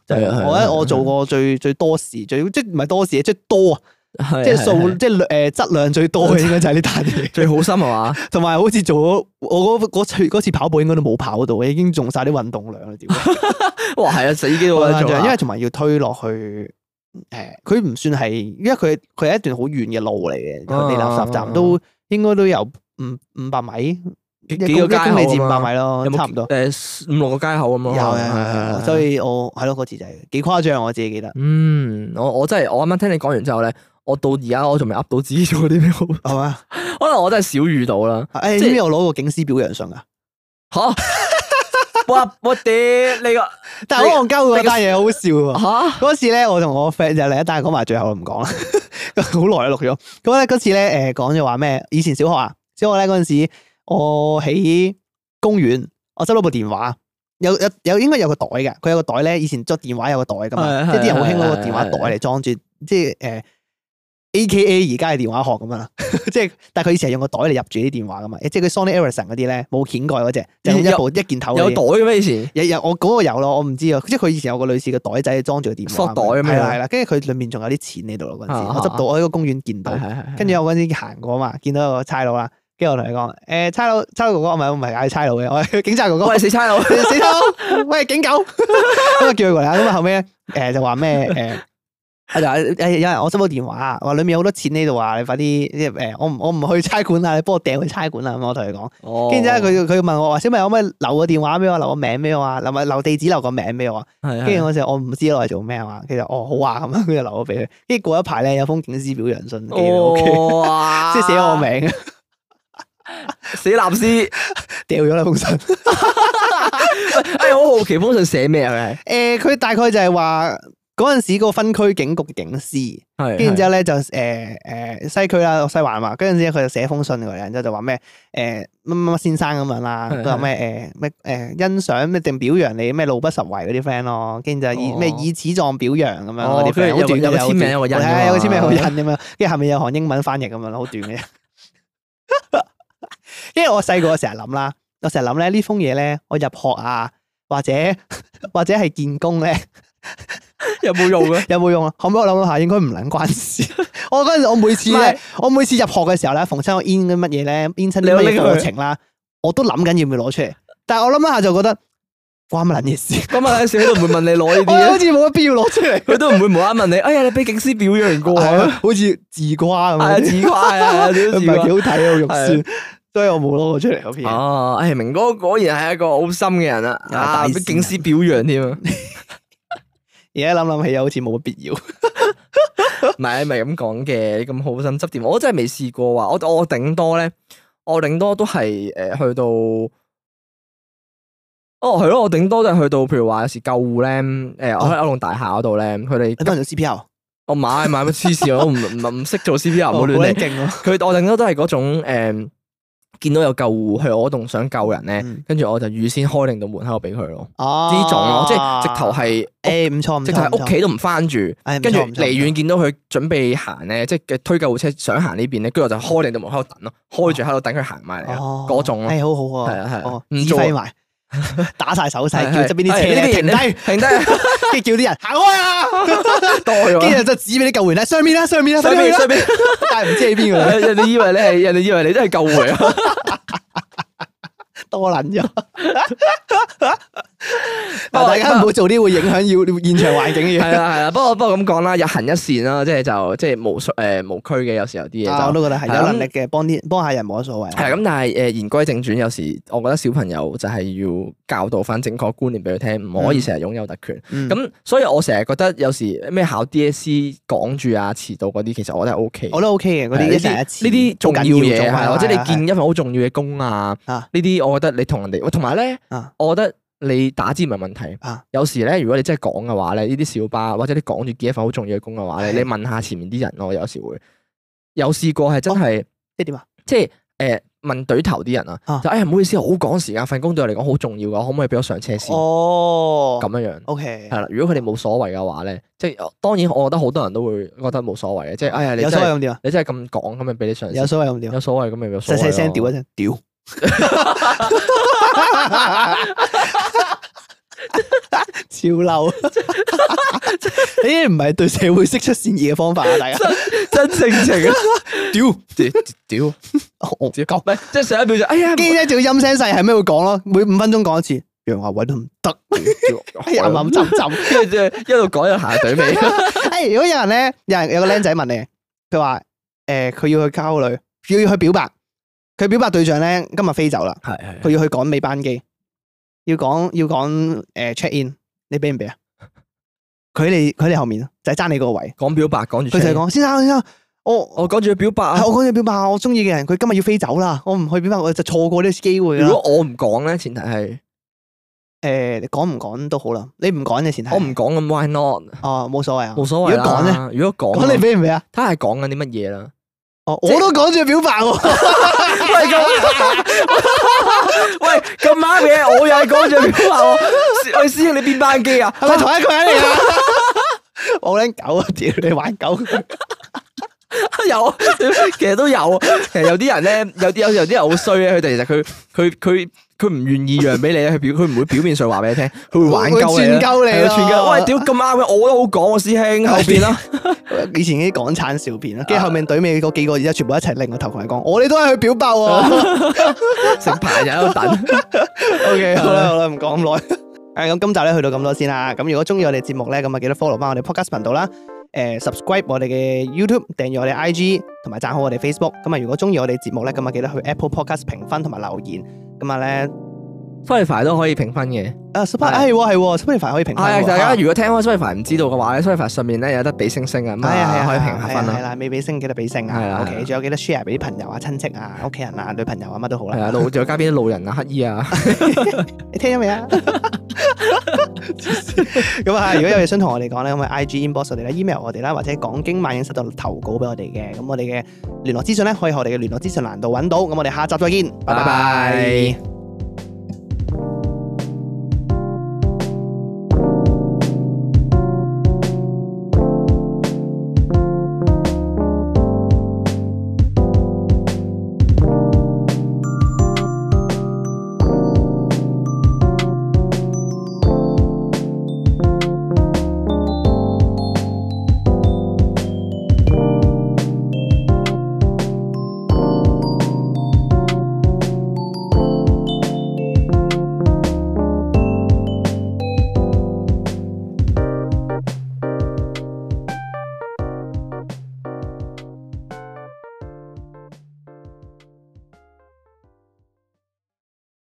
我覺得我做過最最多事，最即係唔係多事，即係多啊。即係數，即係誒質量最多嘅應該就係呢啲，最好心係嘛，同埋好似做咗我嗰次次跑步應該都冇跑到，已經中晒啲運動量啦。點 哇，係啊死機，誇張、 嗯，因為同埋要推落去誒，佢唔算係，因為佢佢係一段好遠嘅路嚟嘅，地垃圾站都、啊啊、應該都有五五百米，幾個街公你至五百米咯，有有差唔多誒五六個街口咁咯，係、啊啊啊、所以我係咯，嗰次就係幾誇張，我自己記得。嗯，我真我真係我啱啱聽你講完之後咧，我到而家我仲未噏到自己做啲咩好係嘛？可能我真係少遇到啦。誒，知唔知我攞個警司表揚信噶？吓！哇！我屌你個，但係好戇鳩嗰單嘢好笑啊！吓，嗰次咧我同我 friend 就嚟一單講埋，最後我唔講啦，好耐啊錄咗。咁咧嗰次咧誒，講咗話咩？以前小學啊，小學咧嗰陣時我喺公園，我執到部電話，有有有應該有個袋嘅，佢有個袋咧，以前作電話有個袋噶嘛，即係啲人好興攞個電話袋嚟裝住，即係誒。A.K.A. 而家嘅電話殼咁啊，即係但係佢以前係用個袋嚟入住啲電話噶嘛，即係佢 Sony Ericsson 嗰啲咧冇掀蓋嗰隻，就咁一部一件頭一、嗯有。有袋嘅咩以前？有有我嗰個有咯，我唔知啊，即係佢以前有個女士嘅袋仔裝住個電話。縮袋啊嘛。係啦，跟住佢裏面仲有啲錢喺度咯，嗰時我，我執到我喺個公園見到，啊、到跟住我嗰陣時行過啊嘛，見到個差佬啦，跟住我同佢講，誒差佬，差佬哥哥，我唔係唔係嗌你差佬嘅，我警察哥哥，我死差佬，死佬， 喂警狗，咁 啊叫佢過嚟，咁啊後尾咧，誒、呃、就話咩誒？呃係就有有人我收到電話，話裏面有好多錢呢度啊！你快啲，即係誒，我唔我唔去差館啊，你幫我掟去差館啊。咁，我同佢講。跟住之後佢佢問我話，小明可唔可以留個電話俾我留個名俾我話留埋留地址，留個名俾我是？我話，係。跟住我時我唔知攞嚟做咩話，其實哦好啊咁樣，佢就留咗俾佢。跟住過一排咧，有封警司表揚信嚟，哇、哦！ 即係寫我名 死立律師掉咗啦封信 哎。哎，我好好奇封信寫咩係咪？誒、 哎，佢大概就係話。嗰陣時嗰個分區警局警司，跟住是是 之後咧就誒誒西區啦，西環啊，嗰陣時佢就寫封信嚟， 然之後就話咩誒乜乜先生咁樣啦，都話咩誒乜誒欣賞，乜定表揚你咩老不十圍嗰啲 friend 咯，跟住就以咩以此狀表揚咁樣嗰啲 friend，有有個簽名有個簽名好印咁樣，跟住下面有行英文翻譯咁樣，好短嘅。 因為我細個成日諗啦，我成日諗咧呢封嘢咧，我入學啊，或者或者係建工咧。有冇用咧？有冇用啊？後屘我諗下，應該唔關事。 我嗰陣時，我每次咧，是我每次入學嘅時候咧，逢親我 in 啲乜嘢咧，in 親啲咩過程啦，我都諗緊要唔要攞出嚟。但係我諗一下就覺得關乜捻嘢事。關乜捻事都唔會問你攞呢啲嘢，好似冇乜必要攞出嚟，佢 都唔會冇啦啦問你。哎呀，你俾警司表揚過， 哎、呀 好似自誇咁樣，自誇啊，唔係幾好睇啊。肉酸，所以 我冇攞我出嚟嗰篇。哦，哎明哥果然係一個好心嘅人 啊！啊，俾警司表揚添。 而家諗諗起又好似冇乜必要， 唔係咪咁講嘅？咁好心執掂。我真係未試過話，我我頂多咧，我頂多都係誒、呃、去到，哦係咯，我頂多都係去到，譬如話有時救護咧，誒、呃哦、我喺歐龍大廈嗰度咧，佢哋你幫、哦、 做 CPR，我買買乜黐線，我唔唔唔識做 CPR，唔好亂嚟，佢我頂多都係嗰種誒。嗯見到有救護車我仲想救人咧，跟住、嗯、我就預先開令到門口俾佢咯，呢、啊、種咯，即係直，、欸、直頭係誒，唔錯直頭係屋企都唔翻住，跟住離遠見到佢準備行咧，即係推救護車想行呢邊咧，跟住我就開令到門口等咯，開住喺度等佢行埋嚟，嗰、啊、種咯，係、欸、好好啊，係啊係，唔做。打晒手勢，叫側邊啲車停低，停低，跟住叫啲人行開啊，跟住就指俾啲救援啦，上面啦，上面啦，上面上面，但係唔知喺邊個，人哋以為你係，人哋以為你都係救援。多捻咗，但大家唔好做啲會影響要現場環境嘅。 係啦係啦，不過不過咁講啦，日行一善啦，即係就即係無誒無拘嘅。有時候啲嘢，啊，我都覺得係有能力嘅，幫啲幫下人冇乜所謂。係咁，嗯，但係誒言歸正傳，有時我覺得小朋友就係要教導翻正確觀念俾佢聽，唔可以成日擁有特權。咁，嗯、所以我成日覺得有時咩考 D S E 講住啊遲到嗰啲，其實我都係 O K，我都 O K 嘅。嗰啲呢啲重要嘢或者你見一份好重要嘅工啊，呢啲我。我覺得你同人哋，同埋咧，我覺得你打字唔係問題。有時咧，如果你真係講嘅話咧，呢啲小巴或者你講住，幾一份好重要嘅工嘅話咧，你問下前面啲人囉，我有時會有試過係真係。即係點啊？即係誒，問隊頭啲人啊，就哎，唔好意思，好趕時間，份工對我嚟講好重要嘅，可唔可以俾我上車先？哦，咁樣樣。OK，係啦。如果佢哋冇所謂嘅話咧，即係當然，我覺得好多人都會覺得冇所謂嘅，即係哎呀，你真係咁講，咁咪俾你上。有所謂咁點？有所謂咁樣。細細聲屌一聲，屌。潮流呢啲唔係對社會釋出善意嘅方法啊，大家真性情啊！屌屌屌！自己講咩？即係上一秒鐘，哎呀，今日就陰聲細係咩？會講咯，每五分鐘講一次，楊華偉都唔得，諗諗諗諗，跟住一路講一下嘴尾。哎，如果有人咧，有人有個僆仔問你，佢話誒，佢要去溝女，要要去表白。佢表白對象咧，今日飛走啦，佢是的 要去趕尾班機，要講要講誒、呃、check in，你俾唔俾啊？佢哋佢嚟，後面就係、是、爭你個位。講表白，講住佢就係講，先生先生，我我趕住去表白，我趕住去表白，我中意嘅人佢今日要飛走啦，我唔去表白我就錯過呢次機會啦。如果我唔講咧，前提係誒，你講唔講都好啦，你唔講嘅前提，我唔講咁 why not？哦，冇所謂啊，冇所謂啦。如果講咧，如果講，你俾唔俾啊？佢係講緊啲乜嘢啦？Oh, 即我都趕住表白，喂咁，喂咁啱嘅，我又係趕住表白我，我師兄，你邊班機啊？係咪 同一個人嚟啊？我拎狗啊，屌你玩狗。有，其實都有，其實有啲人咧，有有有啲好衰嘅，佢其實佢佢佢佢唔願意讓俾你咧，佢表佢唔會表面上話俾你聽，佢會玩鳩你，串鳩你，喂，屌咁啱嘅，我都好講喎，師兄，後邊咯，以前啲港產笑片啦，跟住後面隊尾嗰幾個，而家全部一齊擰個頭同你講，我哋都係去表白喎，成排喺度等，OK，好啦好啦，唔講咁耐，誒，咁今集咧去到咁多先啦，咁如果中意我哋節目咧，咁啊記得 follow 翻我哋 Podcast 頻道啦。誒，subscribe、呃、我哋嘅 YouTube，訂閱我哋 IG，同埋讚好我哋 Facebook。咁啊，如果中意我哋節目咧，咁啊記得去 Apple Podcast 評分同埋留言。咁啊咧 Spotify 都可以評分嘅。Spotify 係係的 Spotify 可以評分。大家，哎、如果聽開 Spotify 唔知道嘅話 Spotify 上面咧有得俾星星啊。係、哎哎、可以評分係啦、哎哎，未俾星記得俾星啊。OK，仲有記得 share 俾朋友啊、親戚啊、屋企人啊、女朋友啊，乜都好啦。路仲，哎、有街邊啲路人啊、乞衣啊， 你聽咗未啊？ 咁啊！ 如果有嘢想同我哋講咧，可以 I G inbox 我哋啦，email 我哋啦，或者講經萬應室度投稿俾我哋嘅。咁我哋嘅聯絡資訊咧，可以喺我哋嘅聯絡資訊欄度揾到。咁我哋下集再見，拜拜。Bye bye。